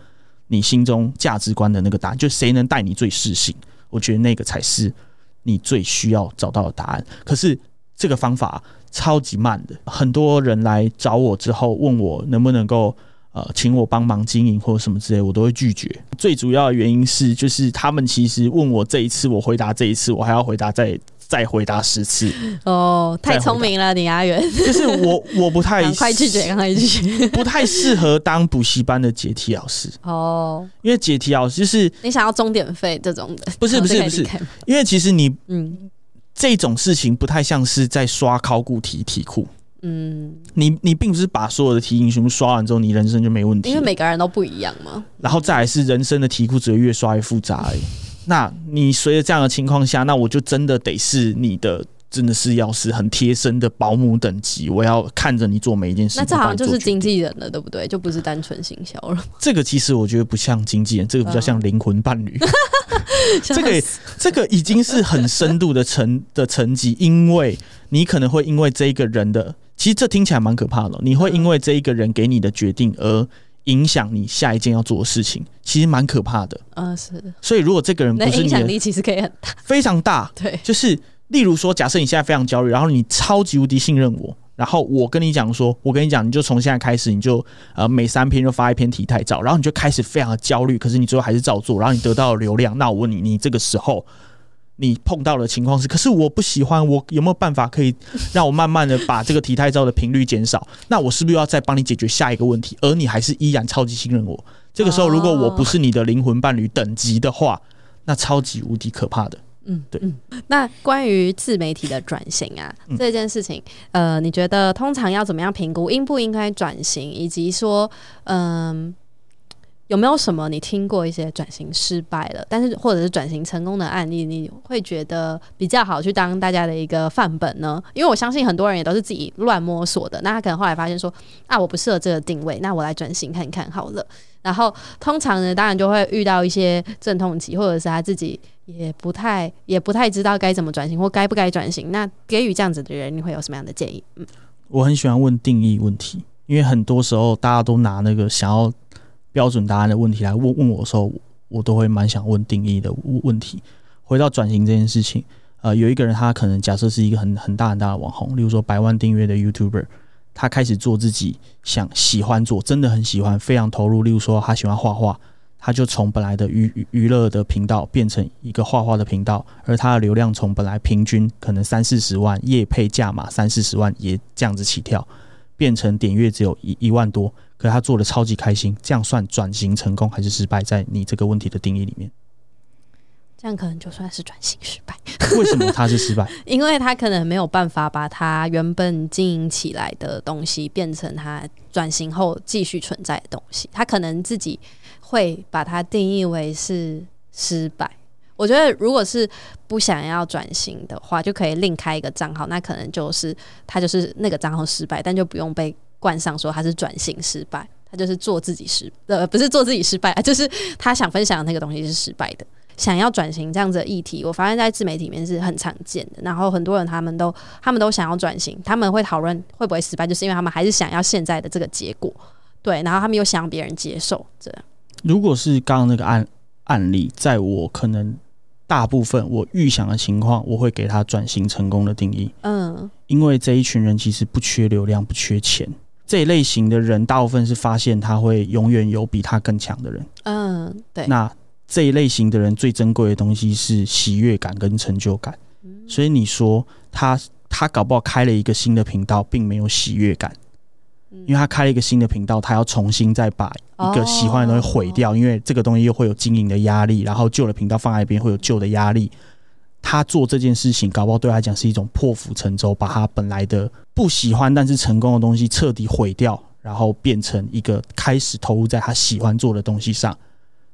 你心中價值觀的那個答案，就誰能帶你最適性。我覺得那個才是你最需要找到的答案。可是這個方法超級慢的，很多人來找我之後問我能不能夠。呃，請我幫忙經營或者什麼之類，我都會拒絕。最主要的原因是，就是他們其實問我這一次，我回答這一次，我還要回答再再回答十次。哦，太聰明了，李阿元。啊、就是我，我不太快拒絕，趕快拒絕，不太適合當補習班的解題老師。哦，因為解題老師就是你想要鐘點費這種的，不是不是不是，因為其實你嗯這種事情不太像是在刷考古題題庫。嗯，你你並不是把所有的題型全部刷完之後，你人生就沒問題，因為每個人都不一樣嘛。嗯、然後再來是人生的題庫只會越刷越複雜，欸。嗯、那你隨着這樣的情況下，那我就真的得是你的，真的是要是很貼身的保姆等級，我要看着你做每一件事。那這好像就是經紀人，人了，對不對？就不是單純行銷了。這個其實我覺得不像經紀人，這個比較像靈魂伴侶。啊、 *laughs* 了這個這個已經是很深度的成的成績，因為你可能會因為這個人的。其實這聽起來蠻可怕的，你會因為這一個人給你的決定而影響你下一件要做的事情，其實蠻可怕的。嗯，是的。所以如果這個人不是你的，那影響力其實可以很大，非常大。對，就是例如說，假設你現在非常焦慮，然後你超級無敵信任我，然後我跟你講說，我跟你講，你就從現在開始，你就呃每三篇就發一篇體態照，然後你就開始非常的焦慮，可是你最後還是照做，然後你得到了流量。 *laughs* 那我問你，你這個時候？你碰到的情況是，可是我不喜歡，我有沒有辦法可以讓我慢慢的把這個體態照的頻率減少？ *laughs* 那我是不是要再幫你解決下一個問題？而你還是依然超級信任我。這個時候，如果我不是你的靈魂伴侶等級的話，那超級無敵可怕的。嗯，對、嗯。那關於自媒體的轉型啊、嗯、這件事情，呃，你覺得通常要怎麼樣評估應不應該轉型，以及說，嗯、呃。有沒有什麼你聽過一些轉型失敗了，但是或者是轉型成功的案例，你會覺得比較好去當大家的一個範本呢？因為我相信很多人也都是自己亂摸索的，那他可能後來發現說，啊，我不適合這個定位，那我來轉型看看好了。然後通常呢，當然就會遇到一些陣痛期，或者是他自己也不太也不太知道該怎麼轉型或該不該轉型。那給予這樣子的人，你會有什麼樣的建議？嗯，我很喜歡問定義問題，因為很多時候大家都拿那個想要標準答案的問題來問問我的時候，我都會蠻想問定義的問題。回到轉型這件事情，呃，有一個人他可能假設是一個很很大很大的網紅，例如說百萬訂閱的 YouTuber，他開始做自己想喜歡做，真的很喜歡，非常投入。例如說他喜歡畫畫，他就從本來的娛娛樂的頻道變成一個畫畫的頻道，而他的流量從本來平均可能三四十萬，業配價碼三四十萬也這樣子起跳，變成點閱只有一一萬多。可是他做的超級開心，這樣算轉型成功還是失敗？在你這個問題的定義裡面，這樣可能就算是轉型失敗 *laughs* 為什麼他是失敗？因為他可能沒有辦法把他原本經營起來的東西變成他轉型後繼續存在的東西。他可能自己會把它定義為是失敗。我覺得，如果是不想要轉型的話，就可以另開一個賬號。那可能就是他就是那個賬號失敗，但就不用被。冠上說他是轉型失敗，他就是做自己失敗呃不是做自己失敗啊，就是他想分享的那個東西是失敗的。想要轉型這樣子的議題，我發現在自媒體裡面是很常見的。然後很多人他們都他們都想要轉型，他們會討論會不會失敗，就是因為他們還是想要現在的這個結果，對，然後他們又想讓別人接受這樣。如果是剛剛那個案案例，在我可能大部分我預想的情況，我會給他轉型成功的定義，嗯，因為這一群人其實不缺流量，不缺錢。這一類型的人，大部分是發現他會永遠有比他更強的人。嗯，對。那這一類型的人最珍貴的東西是喜悅感跟成就感。嗯、所以你說他他搞不好開了一個新的頻道，並沒有喜悅感，嗯、因為他開了一個新的頻道，他要重新再把一個喜歡的東西毀掉，哦、因為這個東西又會有經營的壓力，然後舊的頻道放在一邊會有舊的壓力。嗯、他做這件事情搞不好對他來講是一種破釜沉舟，把他本來的。不喜歡但是成功的東西徹底毀掉，然後變成一個開始投入在他喜歡做的東西上，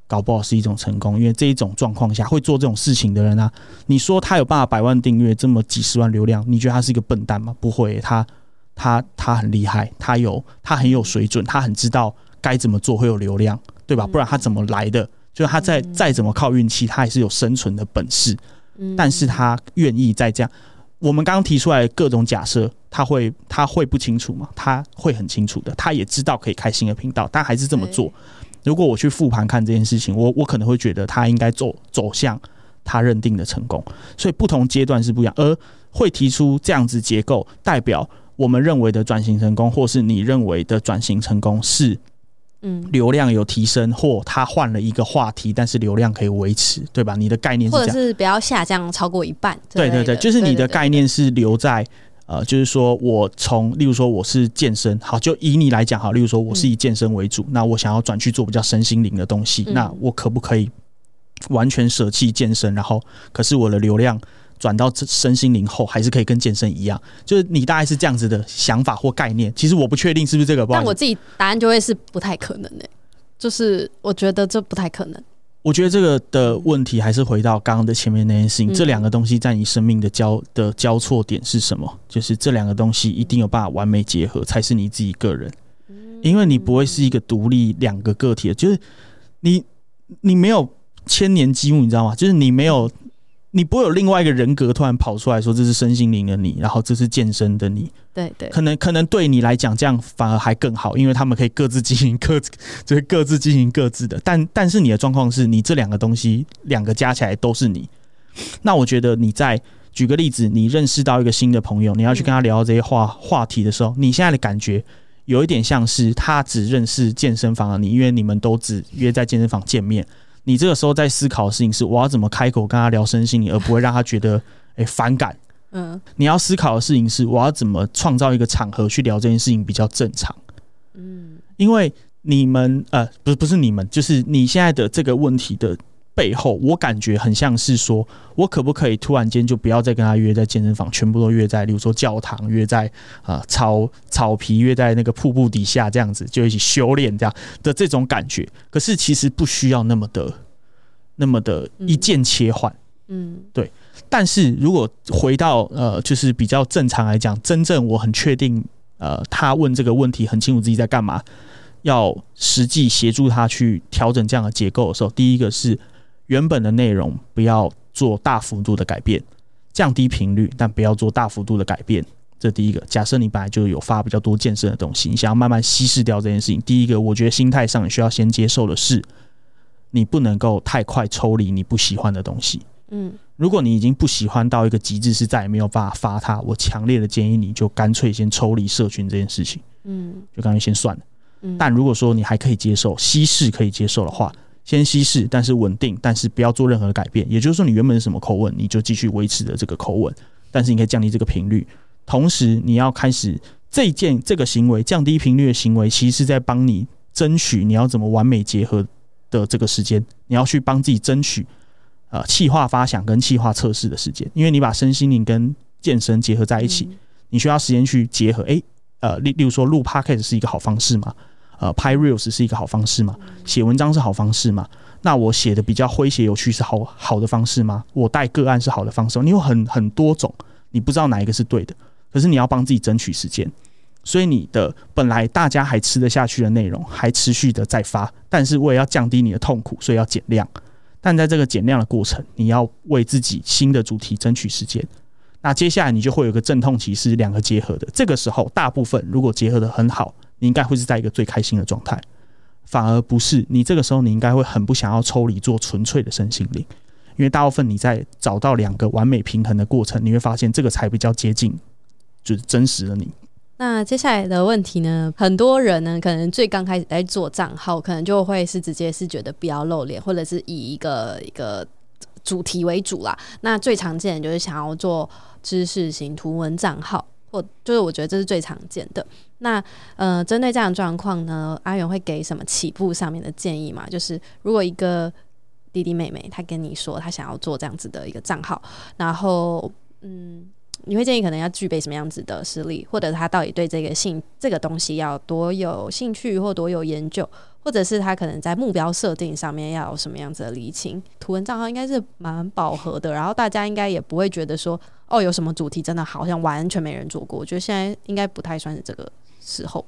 搞不好是一種成功。因為這一種狀況下會做這種事情的人啊，你說他有辦法百萬訂閱這麼幾十萬流量，你覺得他是一個笨蛋嗎？不會，欸，他他他很厲害，他有他很有水準，他很知道該怎麼做會有流量，對吧？不然他怎麼來的？就是他再再，再怎麼靠運氣，他也是有生存的本事。嗯，但是他願意再這樣。我們剛剛提出來各種假設，他會他會不清楚嗎？他會很清楚的，他也知道可以開新的頻道，但還是這麼做。如果我去復盤看這件事情，我我可能會覺得他應該走走向他認定的成功，所以不同階段是不一樣。而會提出這樣子結構，代表我們認為的轉型成功，或是你認為的轉型成功是。嗯，流量有提升或他換了一個話題，但是流量可以維持，對吧？你的概念是這樣，或是不要下降超過一半。對對對，就是你的概念是留在呃，就是說我從，例如說我是健身，好，就以你來講好，例如說我是以健身為主，嗯、那我想要轉去做比較身心靈的東西，嗯、那我可不可以完全捨棄健身，然後可是我的流量，轉到身心靈後，還是可以跟健身一樣，就是你大概是這樣子的想法或概念。其實我不確定是不是這個，但我自己答案就會是不太可能呢、欸。就是我覺得這不太可能。我覺得這個的問題還是回到剛剛的前面那件事情，嗯、這兩個東西在你生命的交的交錯點是什麼？就是這兩個東西一定有辦法完美結合，才是你自己個人，因為你不會是一個獨立兩個個體的，嗯、就是你你沒有千年積木，你知道嗎？就是你沒有。你不會有另外一個人格突然跑出來說，這是身心靈的你，然後這是健身的你。對對，可能可能對你來講這樣反而還更好，因為他們可以各自進行各自，就是各自進行各自的。但但是你的狀況是你這兩個東西兩個加起來都是你。那我覺得你在舉個例子，你認識到一個新的朋友，你要去跟他聊這些話話題的時候，你現在的感覺有一點像是他只認識健身房的你，因為你們都只約在健身房見面。你這個時候在思考的事情是，我要怎麼開口跟他聊身心靈，而不會讓他覺得誒、欸、反感。嗯，你要思考的事情是，我要怎麼創造一個場合去聊這件事情比較正常。嗯，因為你們呃，不是不是你們，就是你現在的這個問題的。背後，我感覺很像是說，我可不可以突然間就不要再跟他約在健身房，全部都約在，例如說教堂，約在啊、呃、草草皮，約在那個瀑布底下這樣子，就一起修煉這樣的這種感覺。可是其實不需要那麼的那麼的一鍵切換、嗯，嗯，對。但是如果回到呃，就是比較正常來講，真正我很確定呃，他問這個問題，很清楚自己在幹嘛，要實際協助他去調整這樣的結構的時候，第一個是，原本的內容不要做大幅度的改變，降低頻率，但不要做大幅度的改變。這第一個。假設你本來就有發比較多健身的東西，你想要慢慢稀釋掉這件事情。第一個，我覺得心態上你需要先接受的是，你不能夠太快抽離你不喜歡的東西。嗯，如果你已經不喜歡到一個極致，是再也沒有辦法發它，我強烈的建議你就乾脆先抽離社群這件事情。嗯，就乾脆先算了。嗯，但如果說你還可以接受稀釋，可以接受的話。先稀釋，但是穩定，但是不要做任何的改變。也就是說，你原本是什麼口吻，你就繼續維持著這個口吻，但是你可以降低這個頻率。同時，你要開始這件這個行為，降低頻率的行為，其實是在幫你爭取你要怎麼完美結合的這個時間。你要去幫自己爭取，呃，企劃發想跟企劃測試的時間，因為你把身心靈跟健身結合在一起，嗯、你需要時間去結合。哎、欸，呃，例例如說，錄 podcast 是一個好方式嗎？呃，拍 reels 是一個好方式嗎？寫文章是好方式嗎？那我寫的比較詼諧有趣是好好的方式嗎？我帶個案是好的方式嗎？你有很很多種，你不知道哪一個是對的。可是你要幫自己爭取時間，所以你的本來大家還吃得下去的內容，還持續的在發，但是我也要降低你的痛苦，所以要減量。但在這個減量的過程，你要為自己新的主題爭取時間。那接下來你就會有一個陣痛期，是兩個結合的。這個時候，大部分如果結合的很好。你應該會是在一個最開心的狀態，反而不是你這個時候，你應該會很不想要抽離做純粹的身心靈，因為大部分你在找到兩個完美平衡的過程，你會發現這個才比較接近就是真實的你。那接下來的問題呢？很多人呢，可能最剛開始在做賬號，可能就會是直接是覺得不要露臉，或者是以一個一個主題為主啦。那最常見的就是想要做知識型圖文賬號，或就是我覺得這是最常見的。那呃，針對這樣狀況呢，阿元會給什麼起步上面的建議嗎？就是如果一個弟弟妹妹他跟你說他想要做這樣子的一個賬號，然後嗯，你會建議可能要具備什麼樣子的實力，或者他到底對這個興這個東西要有多有興趣或多有研究，或者是他可能在目標設定上面要有什麼樣子的釐清？圖文賬號應該是蠻飽和的，然後大家應該也不會覺得說哦，有什麼主題真的好像完全沒人做過，我覺得現在應該不太算是這個時候，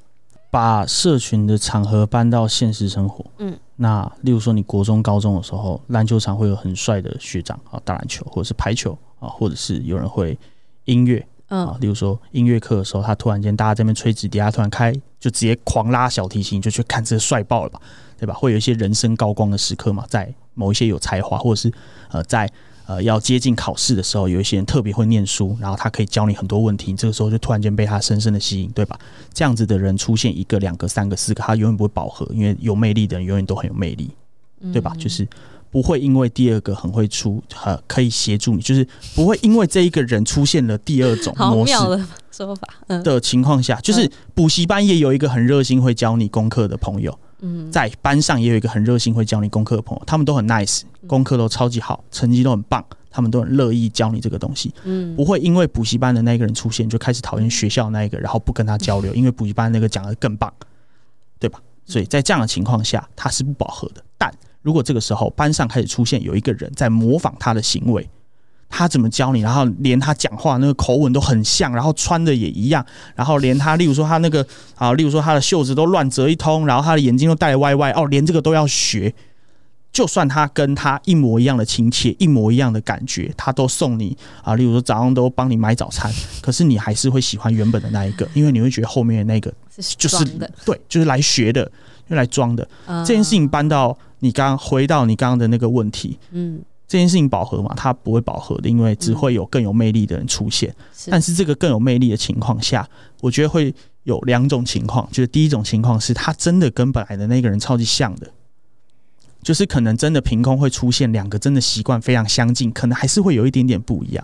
把社群的場合搬到現實生活。嗯，那例如說你國中高中的時候，籃球場會有很帥的學長啊打籃球，或者是排球啊，或者是有人會音樂，嗯、啊，例如說音樂課的時候，他突然間大家在這邊吹直笛，他突然開就直接狂拉小提琴，就去看這帥爆了吧，對吧？會有一些人生高光的時刻嘛，在某一些有才華，或者是呃在。呃，要接近考試的時候，有一些人特別會念書，然後他可以教你很多問題，這個時候就突然間被他深深的吸引，對吧？這樣子的人出現一個、兩個、三個、四個，他永遠不會飽和，因為有魅力的人永遠都很有魅力，對吧？嗯嗯就是不會因為第二個很會出，呃，可以協助你，就是不會因為這一個人出現了第二種模式的說法，嗯的情況下，就是補習班也有一個很熱心會教你功課的朋友。嗯，在班上也有一個很熱心會教你功課的朋友，他們都很 nice，功課都超級好，成績都很棒，他們都很樂意教你這個東西。嗯，不會因為補習班的那一個人出現就開始討厭學校那一個，然後不跟他交流，因為補習班那個講得更棒，對吧？所以在這樣的情況下，他是不飽和的。但如果這個時候班上開始出現有一個人在模仿他的行為。他怎麼教你，然後連他講話那個口吻都很像，然後穿的也一樣，然後連他，例如說他那個啊，例如說他的袖子都亂折一通，然後他的眼睛都戴歪歪哦，連這個都要學。就算他跟他一模一樣的親切，一模一樣的感覺，他都送你啊。例如說早上都幫你買早餐， *laughs* 可是你還是會喜歡原本的那一個，因為你會覺得後面的那個就是，是裝的，對，就是來學的，用、就是、來裝的。嗯、這件事情搬到你剛，剛回到你剛剛的那個問題，嗯。這件事情飽和嘛，它不會飽和的，因為只會有更有魅力的人出現。嗯嗯，但是這個更有魅力的情況下，我覺得會有兩種情況，就是第一種情況是，他真的跟本來的那個人超級像的，就是可能真的憑空會出現兩個真的習慣非常相近，可能還是會有一點點不一樣。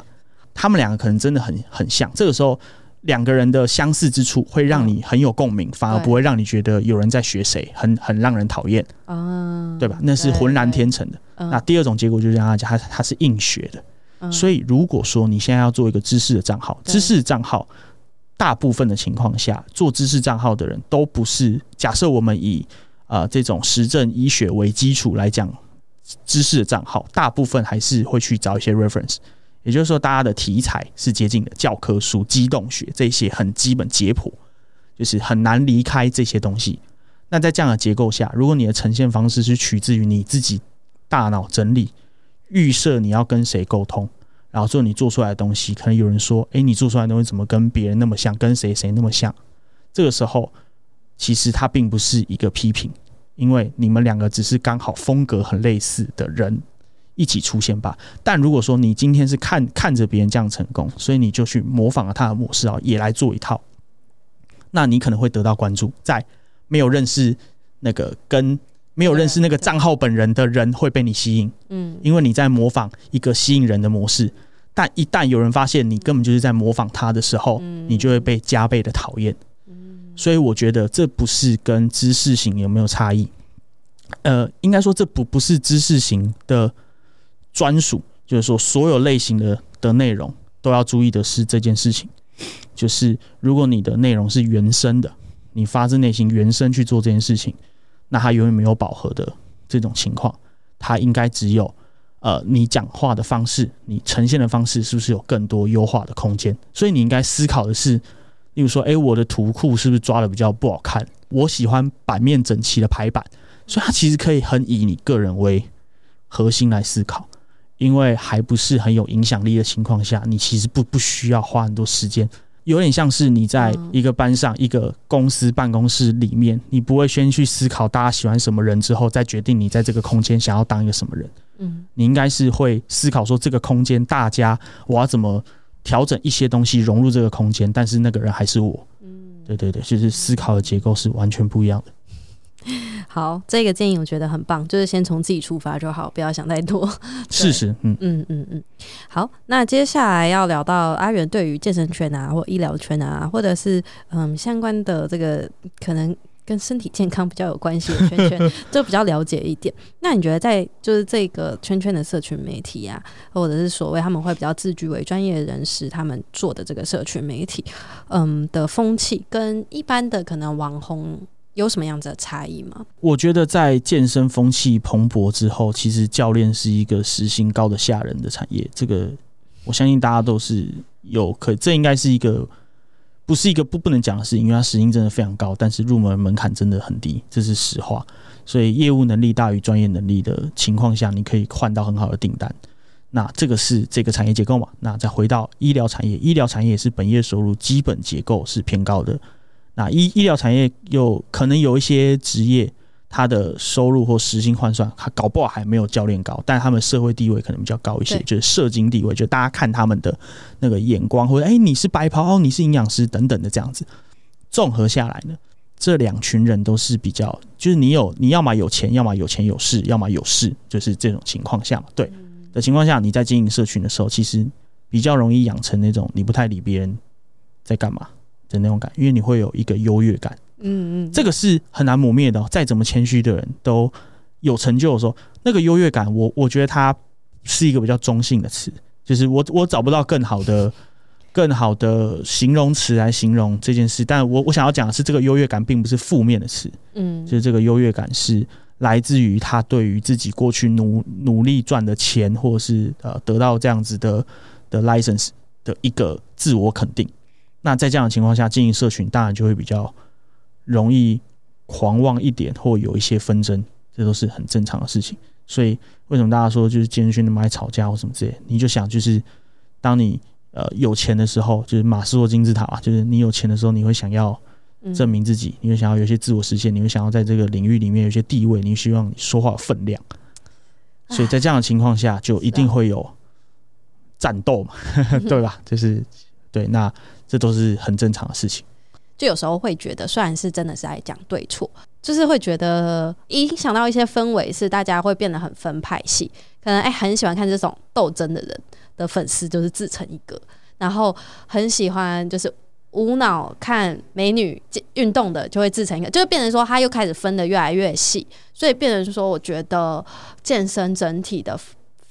他們兩個可能真的很很像，這個時候。兩個人的相似之處會讓你很有共鳴，嗯、反而不會讓你覺得有人在學誰，很很讓人討厭，啊對，對吧？那是渾然天成的。對對對，嗯、那第二種結果就是讓他講：「他他是硬學的。」嗯、所以如果說你現在要做一個知識的賬號，對知識賬號，大部分的情況下，做知識賬號的人都不是假設我們以啊、呃、這種實證醫學為基礎來講知識的賬號，大部分還是會去找一些 reference。也就是說，大家的題材是接近的，教科書、機動學這些很基本、解剖，就是很難離開這些東西。那在這樣的結構下，如果你的呈現方式是取自於你自己大腦整理、預設你要跟誰溝通，然後做你做出來的東西，可能有人說：“誒、欸，你做出來的東西怎麼跟別人那麼像？跟誰誰那麼像？”這個時候，其實它並不是一個批評，因為你們兩個只是剛好風格很類似的人。一起出現吧。但如果說你今天是看看着別人這樣成功，所以你就去模仿了他的模式啊、喔，也來做一套，那你可能會得到關注。在沒有認識那個跟沒有認識那個賬號本人的人會被你吸引，嗯，因為你在模仿一個吸引人的模式。嗯、但一旦有人發現你根本就是在模仿他的時候，你就會被加倍的討厭。嗯、所以我覺得這不是跟知識型有沒有差異，呃，應該說，這不不是知識型的。專屬就是說，所有類型的的內容都要注意的是這件事情，就是如果你的內容是原生的，你發自內心原生去做這件事情，那它永遠沒有飽和的這種情況，它應該只有呃，你講話的方式，你呈現的方式是不是有更多優化的空間？所以你應該思考的是，例如說，誒，我的圖庫是不是抓得比較不好看？我喜歡版面整齊的排版，所以它其實可以很以你個人為核心來思考。因為還不是很有影響力的情況下，你其實不不需要花很多時間，有點像是你在一個班上、一個公司辦公室裡面，你不會先去思考大家喜歡什麼人之後，再決定你在這個空間想要當一個什麼人。嗯，你應該是會思考說，這個空間大家，我要怎麼調整一些東西融入這個空間，但是那個人還是我。嗯，對對對，就是思考的結構是完全不一樣的。好，這個建議我覺得很棒，就是先從自己出發就好，不要想太多，是是嗯嗯嗯嗯。好，那接下來要聊到阿元對於健身圈啊，或醫療圈啊，或者是嗯相關的這個可能跟身體健康比較有關係的圈圈， *laughs* 就比較了解一點。那你覺得在就是這個圈圈的社群媒體啊，或者是所謂他們會比較自居為專業人士，他們做的這個社群媒體，嗯的風氣，跟一般的可能網紅。有什麼樣子的差異嗎？我覺得在健身風氣蓬勃之後，其實教練是一個時薪高的嚇人的產業。這個我相信大家都是有可，這應該是一個不是一個不不能講的事情，因為它時薪真的非常高，但是入門門檻真的很低，這是實話。所以業務能力大於專業能力的情況下，你可以換到很好的訂單。那這個是這個產業結構嘛？那再回到醫療產業，醫療產業是本業收入基本結構是偏高的。那醫醫療產業有可能有一些職業，他的收入或時薪換算，他搞不好還沒有教練高，但他們社會地位可能比較高一些，對就是社經地位，就大家看他們的那個眼光，或者哎，欸、你是白袍，你是營養師等等的這樣子。綜合下來呢，這兩群人都是比較，就是你有你要麼有錢，要麼有錢有勢，要麼有勢，就是這種情況下嘛，對、嗯、的情況下，你在經營社群的時候，其實比較容易養成那種你不太理別人在幹嘛。的那種感，因為你會有一個優越感，嗯嗯，這個是很難磨滅的哦。再怎麼謙虛的人都有成就的時候，那個優越感我，我我覺得它是一個比較中性的詞，就是我我找不到更好的、更好的形容詞來形容這件事。但我我想要講的是，這個優越感並不是負面的詞，嗯，就是這個優越感是來自於他對於自己過去努努力賺的錢，或者是呃得到這樣子的的 license 的一個自我肯定。那在這樣的情況下經營社群，當然就會比較容易狂妄一點，或有一些紛爭，這都是很正常的事情。所以為什麼大家說就是健身圈那麼愛吵架或什麼之類的？你就想，就是當你呃有錢的時候，就是馬斯洛金字塔啊，就是你有錢的時候，你會想要證明自己，嗯、你會想要有一些自我實現，你會想要在這個領域裡面有一些地位，你會希望你說話有分量。所以在這樣的情況下，唉就一定會有戰鬥嘛，啊、 *laughs* 對吧？就是。對，那這都是很正常的事情。就有時候會覺得，雖然是真的是愛講對錯，就是會覺得一想到一些氛圍，是大家會變得很分派系。可能哎、欸，很喜歡看這種鬥爭的人的粉絲就是自成一格，然後很喜歡就是無腦看美女運動的就會自成一格，就變成說他又開始分得越來越細，所以變成說我覺得健身整體的。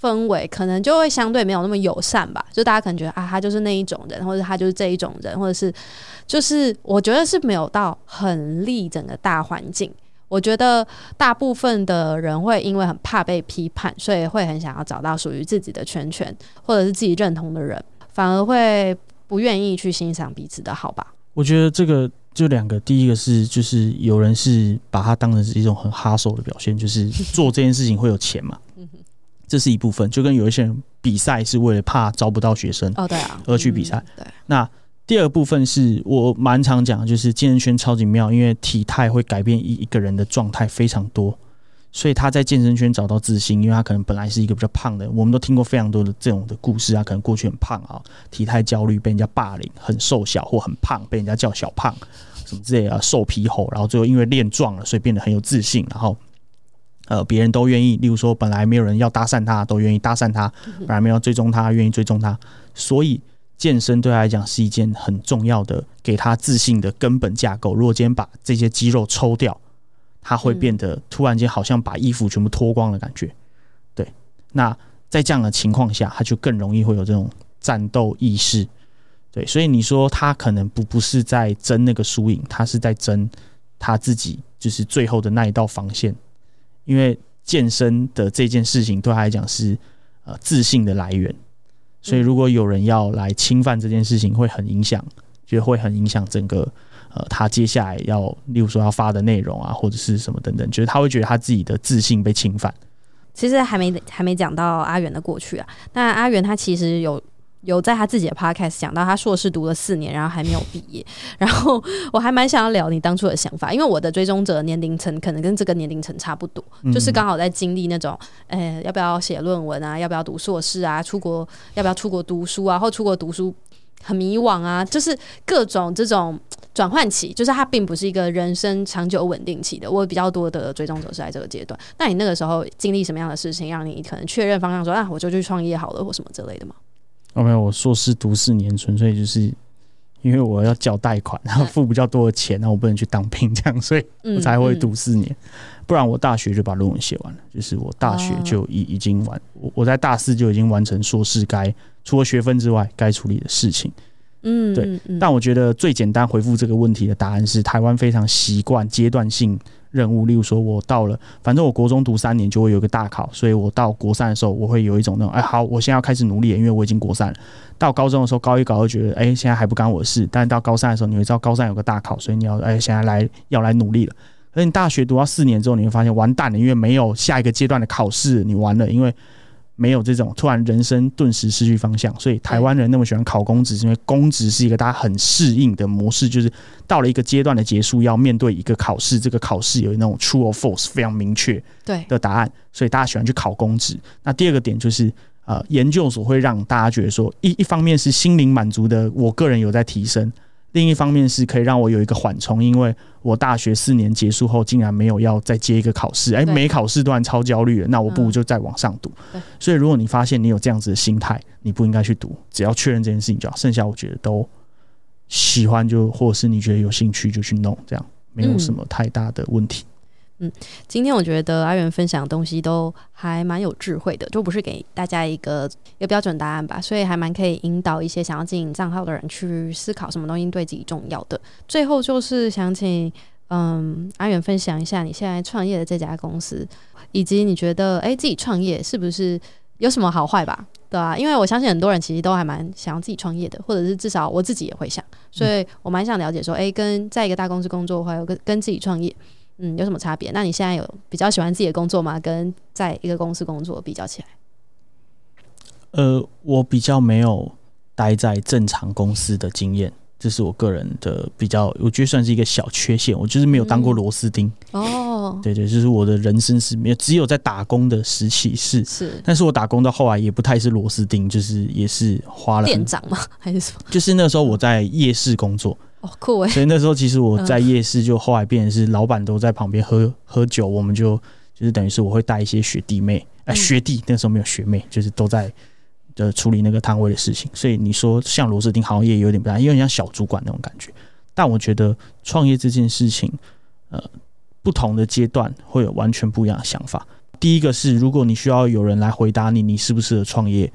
氛圍可能就會相對沒有那麼友善吧，就大家可能覺得啊，他就是那一種人，或者他就是這一種人，或者是就是我覺得是沒有到很利整個大環境。我覺得大部分的人會因為很怕被批判，所以會很想要找到屬於自己的圈圈，或者是自己認同的人，反而會不願意去欣賞彼此的好吧。我覺得這個就兩個，第一個是就是有人是把它當成是一種很 hustle 的表現，就是做這件事情會有錢嘛。 *laughs* 嗯哼這是一部分，就跟有一些人比賽是為了怕招不到學生哦，oh, 對啊，而去比賽。對，那第二部分是我蠻常講，就是健身圈超級妙，因為體態會改變一一個人的狀態非常多，所以他在健身圈找到自信，因為他可能本來是一個比較胖的，我們都聽過非常多的這種的故事啊，可能過去很胖啊，體態焦慮被人家霸凌，很瘦小或很胖被人家叫小胖什麼之類的，啊，瘦皮猴，然後最後因為練壯了，所以變得很有自信，然後。呃，別人都願意，例如說，本來沒有人要搭訕他，都願意搭訕他；本來沒有要追蹤他，願意追蹤他。所以健身對他來講是一件很重要的，給他自信的根本架構。如果今天把這些肌肉抽掉，他會變得突然間好像把衣服全部脫光的感覺。嗯、對，那在這樣的情況下，他就更容易會有這種戰鬥意識。對，所以你說他可能不不是在爭那個輸贏，他是在爭他自己，就是最後的那一道防線。因為健身的這件事情對他來講是呃自信的來源，所以如果有人要來侵犯這件事情，嗯、會很影響，就會很影響整個呃他接下來要，例如說要發的內容啊，或者是什麼等等，就是他會覺得他自己的自信被侵犯。其實還沒還沒講到阿元的過去啊，那阿元他其實有。有在他自己的 Podcast 講到他碩士讀了四年，然後還沒有畢業。然後我還蠻想要聊你當初的想法，因為我的追蹤者年齡層可能跟這個年齡層差不多，就是剛好在經歷那種，誒，要不要寫論文啊？要不要讀碩士啊？出國要不要出國讀書啊？或出國讀書很迷惘啊？就是各種這種轉換期，就是他並不是一個人生長久穩定期的。我比較多的追蹤者是在這個階段。那你那個時候經歷什麼樣的事情，讓你可能確認方向，說啊，我就去創業好了，或什麼之類的嗎？我沒有，oh、no, 我碩士讀四年，純粹就是因為我要繳貸款，然後付比較多的錢，那我不能去當兵這樣，所以我才會讀四年。嗯嗯、不然我大學就把論文寫完了，就是我大學就已已經完，哦、我我在大四就已經完成碩士該除了學分之外該處理的事情。嗯，對。嗯嗯、但我覺得最簡單回復這個問題的答案是，台灣非常習慣階段性。任務，例如說，我到了，反正我國中讀三年就會有個大考，所以我到國三的時候，我會有一種那種，哎、欸，好，我現在要開始努力了，因為我已經國三了。到高中的時候，高一、高二覺得，哎、欸，現在還不干我的事。但到高三的時候，你會知道高三有個大考，所以你要，哎、欸，現在來要來努力了。而你大學讀到四年之後，你會發現完蛋了，因為沒有下一個階段的考試，你完了，因為。沒有這種突然，人生頓時失去方向，所以台灣人那麼喜歡考公職，對是因為公職是一個大家很適應的模式，就是到了一個階段的結束要面對一個考試，這個考試有那種 true or false 非常明確的答案，對所以大家喜歡去考公職。那第二個點就是，呃，研究所會讓大家覺得說，一一方面是心靈滿足的，我個人有在提升。另一方面，是可以讓我有一個緩衝，因為我大學四年結束後竟然沒有要再接一個考試，哎對，沒、欸、考試段超焦慮了，那我不如就再往上讀。嗯、所以，如果你發現你有這樣子的心態，你不應該去讀，對只要確認這件事情就好。剩下我覺得都喜歡就，或者是你覺得有興趣就去弄，這樣沒有什麼太大的問題。嗯嗯，今天我覺得阿元分享的東西都還蠻有智慧的，就不是給大家一個一個標準答案吧，所以還蠻可以引導一些想要經營賬號的人去思考什麼東西對自己重要的。最後就是想請嗯阿元分享一下你現在創業的這家公司，以及你覺得哎、欸、自己創業是不是有什麼好壞吧？對啊，因為我相信很多人其實都還蠻想要自己創業的，或者是至少我自己也會想，所以我蠻想了解說，哎、欸，跟在一個大公司工作的話，還有跟自己創業。嗯，有什麼差別？那你現在有比較喜歡自己的工作嗎？跟在一個公司工作比較起來？呃，我比較沒有待在正常公司的經驗，這是我個人的比較，我覺得算是一個小缺陷。我就是沒有當過螺絲釘。哦、嗯，對，對對，就是我的人生是沒有，只有在打工的時期是是，但是我打工到後來也不太是螺絲釘，就是也是花了店長嗎？還是什麼？就是那時候我在夜市工作。哦，酷、oh, cool 欸！所以那時候其實我在夜市，就後來變成是老闆都在旁邊喝、嗯、喝酒，我們就就是等於是我會帶一些學弟妹，哎、欸，學弟那時候沒有學妹，就是都在就處理那個攤位的事情。所以你說像螺絲釘行業有點不然，因為你像小主管那種感覺。但我覺得創業這件事情，呃，不同的階段會有完全不一樣的想法。第一個是，如果你需要有人來回答你，你適不適合創業，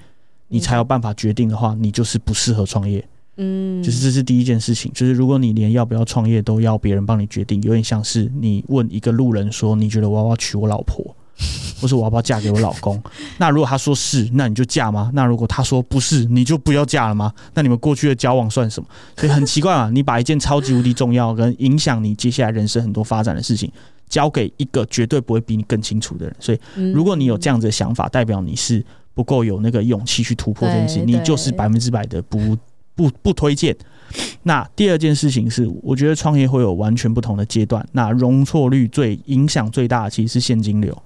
你才有辦法決定的話，嗯、你就是不適合創業。嗯，就是這是第一件事情，就是如果你連要不要創業都要別人幫你決定，有點像是你問一個路人說，你覺得我要不要娶我老婆， *laughs* 或是我要不要嫁給我老公？那如果他說是，那你就嫁嗎？那如果他說不是，你就不要嫁了嗎？那你們過去的交往算什麼？所以很奇怪啊，你把一件超級無敵重要跟影響你接下來人生很多發展的事情，交給一個絕對不會比你更清楚的人。所以，如果你有這樣子的想法，代表你是不夠有那個勇氣去突破這件事，對對對，你就是百分之百的不。不不推薦。那第二件事情是，我覺得創業會有完全不同的階段。那容錯率最影響最大的其實是現金流。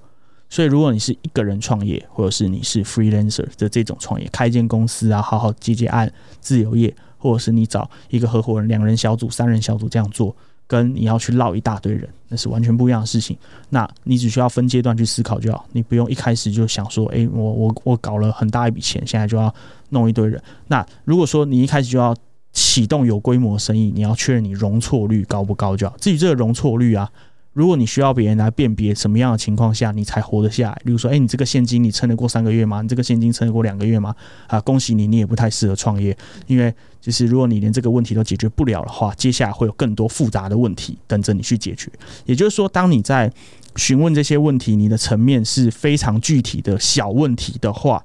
所以，如果你是一個人創業，或者是你是 freelancer 的這種創業，開一間公司啊，好好接接案，自由業，或者是你找一個合夥人，兩人小組、三人小組這樣做。跟你要去落一大堆人，那是完全不一樣的事情。那你只需要分階段去思考就好，你不用一開始就想說，哎、欸，我我我搞了很大一筆錢，現在就要弄一堆人。那如果說你一開始就要啟動有規模的生意，你要確認你容錯率高不高就好。至於這個容錯率啊。如果你需要別人來辨別什麼樣的情況下你才活得下來，例如說，誒、欸，你這個現金你撐得過三個月嗎？你這個現金撐得過兩個月嗎？啊，恭喜你，你也不太適合創業，因為就是如果你連這個問題都解決不了的話，接下來會有更多複雜的問題等着你去解決。也就是說，當你在詢問這些問題，你的層面是非常具體的小問題的話，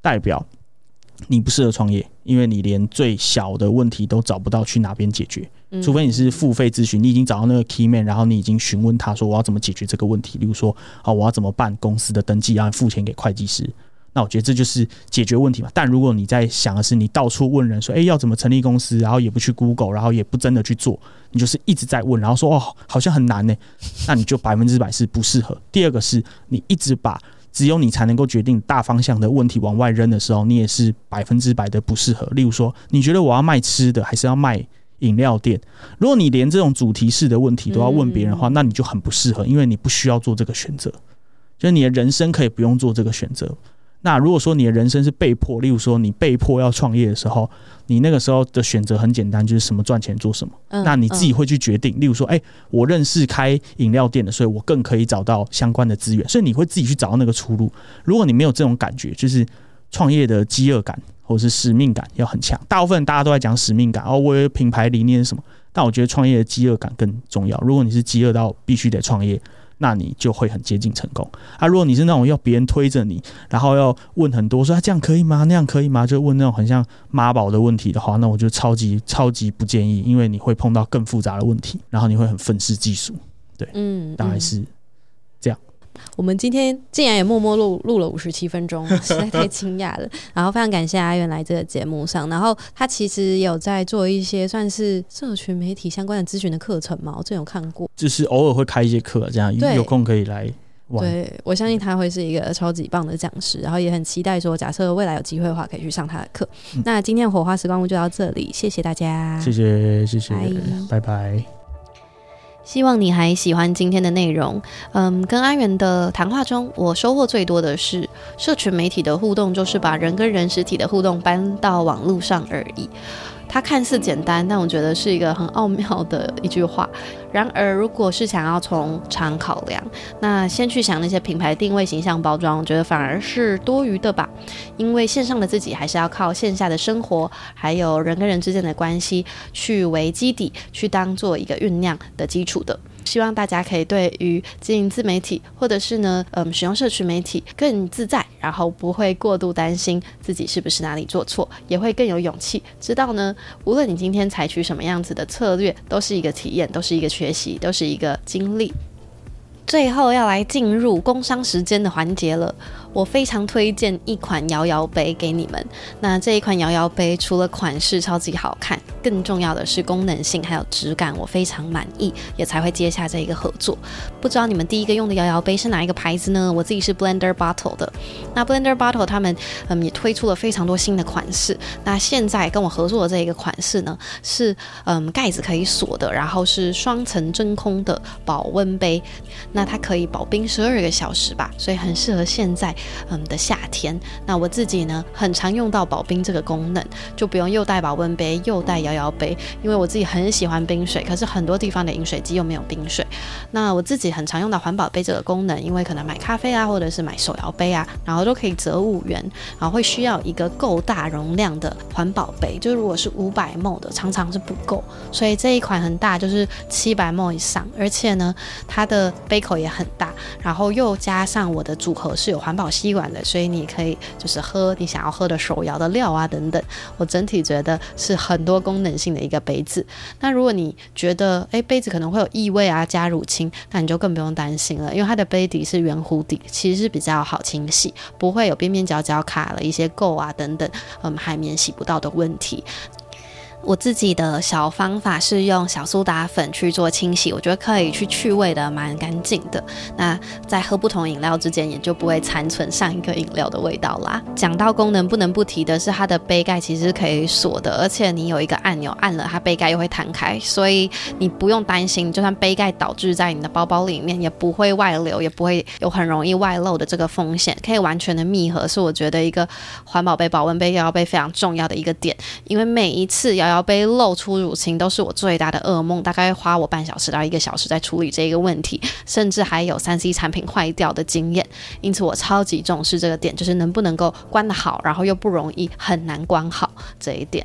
代表。你不適合創業，因為你連最小的問題都找不到去哪邊解決。除非你是付費諮詢，你已經找到那個 key man，然後你已經詢問他說我要怎麼解決這個問題。例如說，啊、哦，我要怎麼辦公司的登記要付錢給會計師？那我覺得這就是解決問題嘛。但如果你在想的是你到處問人說，誒、欸，要怎麼成立公司，然後也不去 Google，然後也不真的去做，你就是一直在問，然後說哦，好像很難呢、欸。那你就百分之百是不適合。第二個是你一直把。只有你才能夠決定大方向的問題往外扔的時候，你也是百分之百的不適合。例如說，你覺得我要賣吃的還是要賣飲料店？如果你連這種主題式的問題都要問別人的話，那你就很不適合，因為你不需要做這個選擇，就是你的人生可以不用做這個選擇。那如果說你的人生是被迫，例如說你被迫要創業的時候，你那個時候的選擇很簡單，就是什麼賺錢做什麼。嗯、那你自己會去決定。嗯、例如說，哎、欸，我認識開飲料店的，所以我更可以找到相關的資源，所以你會自己去找到那個出路。如果你沒有這種感覺，就是創業的飢餓感或是使命感要很強。大部分大家都在講使命感，哦，我品牌理念是什麼？但我覺得創業的飢餓感更重要。如果你是飢餓到必須得創業。那你就會很接近成功啊！如果你是那種要別人推着你，然後要問很多說，說、啊、這樣可以嗎？那樣可以嗎？就問那種很像媽寶的問題的話，那我就超級超級不建議，因為你會碰到更複雜的問題，然後你會很憤世嫉俗，對，嗯，嗯大概是。我們今天竟然也默默錄錄了五十七分鐘，實在太驚訝了。 *laughs* 然後非常感謝阿元來這個節目上。然後他其實有在做一些算是社群媒體相關的諮詢的課程嘛，我最近有看過，就是偶爾會開一些課，這樣對有空可以來玩。對我相信他會是一個超級棒的講師，對然後也很期待說，假設未來有機會的話，可以去上他的課。嗯、那今天火花拾光屋就到這裡，謝謝大家，謝謝謝謝，謝謝 Bye 拜拜。希望你還喜歡今天的內容。嗯，跟阿元的談話中，我收穫最多的是，社群媒體的互動就是把人跟人實體的互動搬到網路上而已。它看似簡單，但我覺得是一個很奧妙的一句話。然而，如果是想要從長考量，那先去想那些品牌定位、形象、包裝，我覺得反而是多餘的吧。因為線上的自己，還是要靠線下的生活，還有人跟人之間的關係，去為基底，去當做一個醞釀的基礎的。希望大家可以對於經營自媒體，或者是呢，嗯，使用社群媒體更自在，然後不會過度擔心自己是不是哪裡做錯，也會更有勇氣。知道呢，無論你今天採取什麼樣子的策略，都是一個體驗，都是一個學習，都是一個經歷。最後要來進入工商時間的環節了。我非常推薦一款搖搖杯給你們。那這一款搖搖杯除了款式超級好看，更重要的是功能性還有質感，我非常滿意，也才會接下這一個合作。不知道你們第一個用的搖搖杯是哪一個牌子呢？我自己是 Blender Bottle 的。那 Blender Bottle 他們嗯也推出了非常多新的款式。那現在跟我合作的這一個款式呢，是嗯蓋子可以鎖的，然後是雙層真空的保溫杯。那它可以保冰十二個小時吧，所以很適合現在。嗯嗯的夏天，那我自己呢很常用到保冰這個功能，就不用又帶保溫杯又帶搖搖杯，因為我自己很喜歡冰水，可是很多地方的飲水機又沒有冰水。那我自己很常用到環保杯這個功能，因為可能買咖啡啊，或者是買手搖杯啊，然後都可以折五元，然後會需要一個夠大容量的環保杯，就如果是五百毫升的常常是不夠，所以這一款很大，就是七百毫升以上，而且呢它的杯口也很大，然後又加上我的組合是有環保杯。吸管的，所以你可以就是喝你想要喝的手搖的料啊等等。我整體覺得是很多功能性的一個杯子。那如果你覺得哎杯子可能會有異味啊，加乳清，那你就更不用擔心了，因為它的杯底是圓弧底，其實是比較好清洗，不會有邊邊角角卡了一些垢啊等等，嗯，海綿洗不到的問題。我自己的小方法是用小蘇打粉去做清洗，我覺得可以去去味的，蠻乾淨的。那在喝不同飲料之間，也就不會殘存上一個飲料的味道啦。講到功能，不能不提的是，它的杯蓋其實可以鎖的，而且你有一個按鈕，按了它杯蓋又會彈開，所以你不用擔心，就算杯蓋倒置在你的包包裡面，也不會外流，也不會有很容易外漏的這個風險，可以完全的密合，是我覺得一個環保杯、保溫杯、搖搖杯非常重要的一個點，因為每一次搖搖。杯露出乳清，都是我最大的噩夢，大概花我半小時到一個小時在處理這一個問題，甚至還有三 C 產品壞掉的經驗，因此我超級重視這個點，就是能不能夠關得好，然後又不容易很難關好這一點。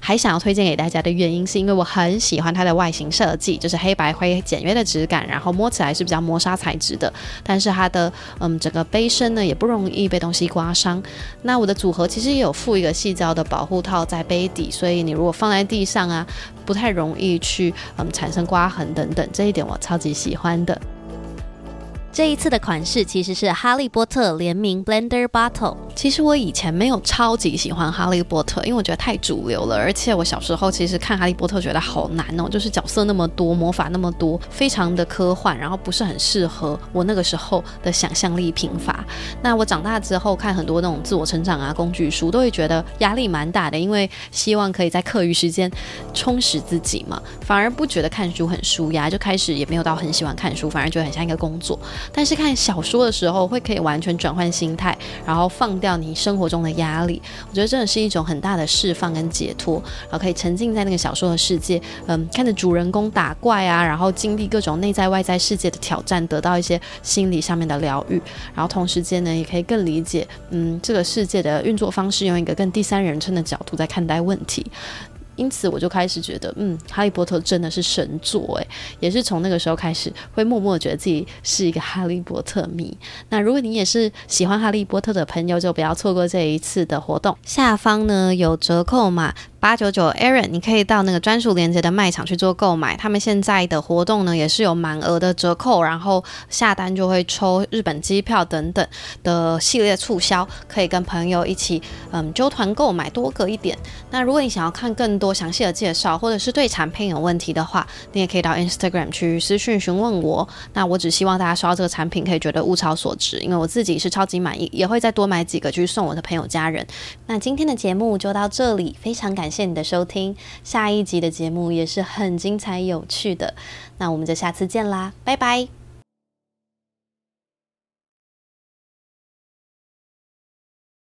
還想要推薦給大家的原因，是因為我很喜歡它的外形設計，就是黑白灰簡約的質感，然後摸起來是比較磨砂材質的，但是它的嗯整個杯身呢也不容易被東西刮傷。那我的組合其實也有附一個矽膠的保護套在杯底，所以你如果放在地上啊，不太容易去嗯產生刮痕等等，這一點我超級喜歡的。這一次的款式其實是哈利波特聯名 Blender Bottle。其實我以前沒有超級喜歡哈利波特，因為我覺得太主流了，而且我小時候其實看哈利波特覺得好難哦，就是角色那麼多，魔法那麼多，非常的科幻，然後不是很適合我那個時候的想象力貧乏。那我長大之後看很多那種自我成長啊工具書，都會覺得壓力蠻大的，因為希望可以在課餘時間充實自己嘛，反而不覺得看書很舒壓，就開始也沒有到很喜歡看書，反而覺得很像一個工作。但是看小說的時候，會可以完全轉換心態，然後放掉你生活中的壓力。我覺得真的是一種很大的釋放跟解脫，然後可以沉浸在那個小說的世界。嗯，看着主人公打怪啊，然後經歷各種內在外在世界的挑戰，得到一些心理上面的療癒。然後同時間呢，也可以更理解嗯，這個世界的運作方式，用一個更第三人稱的角度在看待問題。因此，我就開始覺得，嗯，哈利波特真的是神作欸，哎，也是從那個時候開始，會默默覺得自己是一個哈利波特迷。那如果你也是喜歡哈利波特的朋友，就不要錯過這一次的活動。下方呢有折扣碼。八九九 erin，你可以到那個專屬鏈接的賣場去做購買。他們現在的活動呢，也是有滿額的折扣，然後下單就會抽日本機票等等的系列促銷，可以跟朋友一起嗯，揪團購買多個一點。那如果你想要看更多詳細的介紹，或者是對產品有問題的話，你也可以到 Instagram 去私訊詢問我。那我只希望大家收到這個產品可以覺得物超所值，因為我自己是超級滿意，也會再多買幾個去送我的朋友家人。那今天的節目就到這裡，非常感謝。感謝你的收聽，下一集的節目也是很精彩有趣的，那我們就下次見啦，拜拜。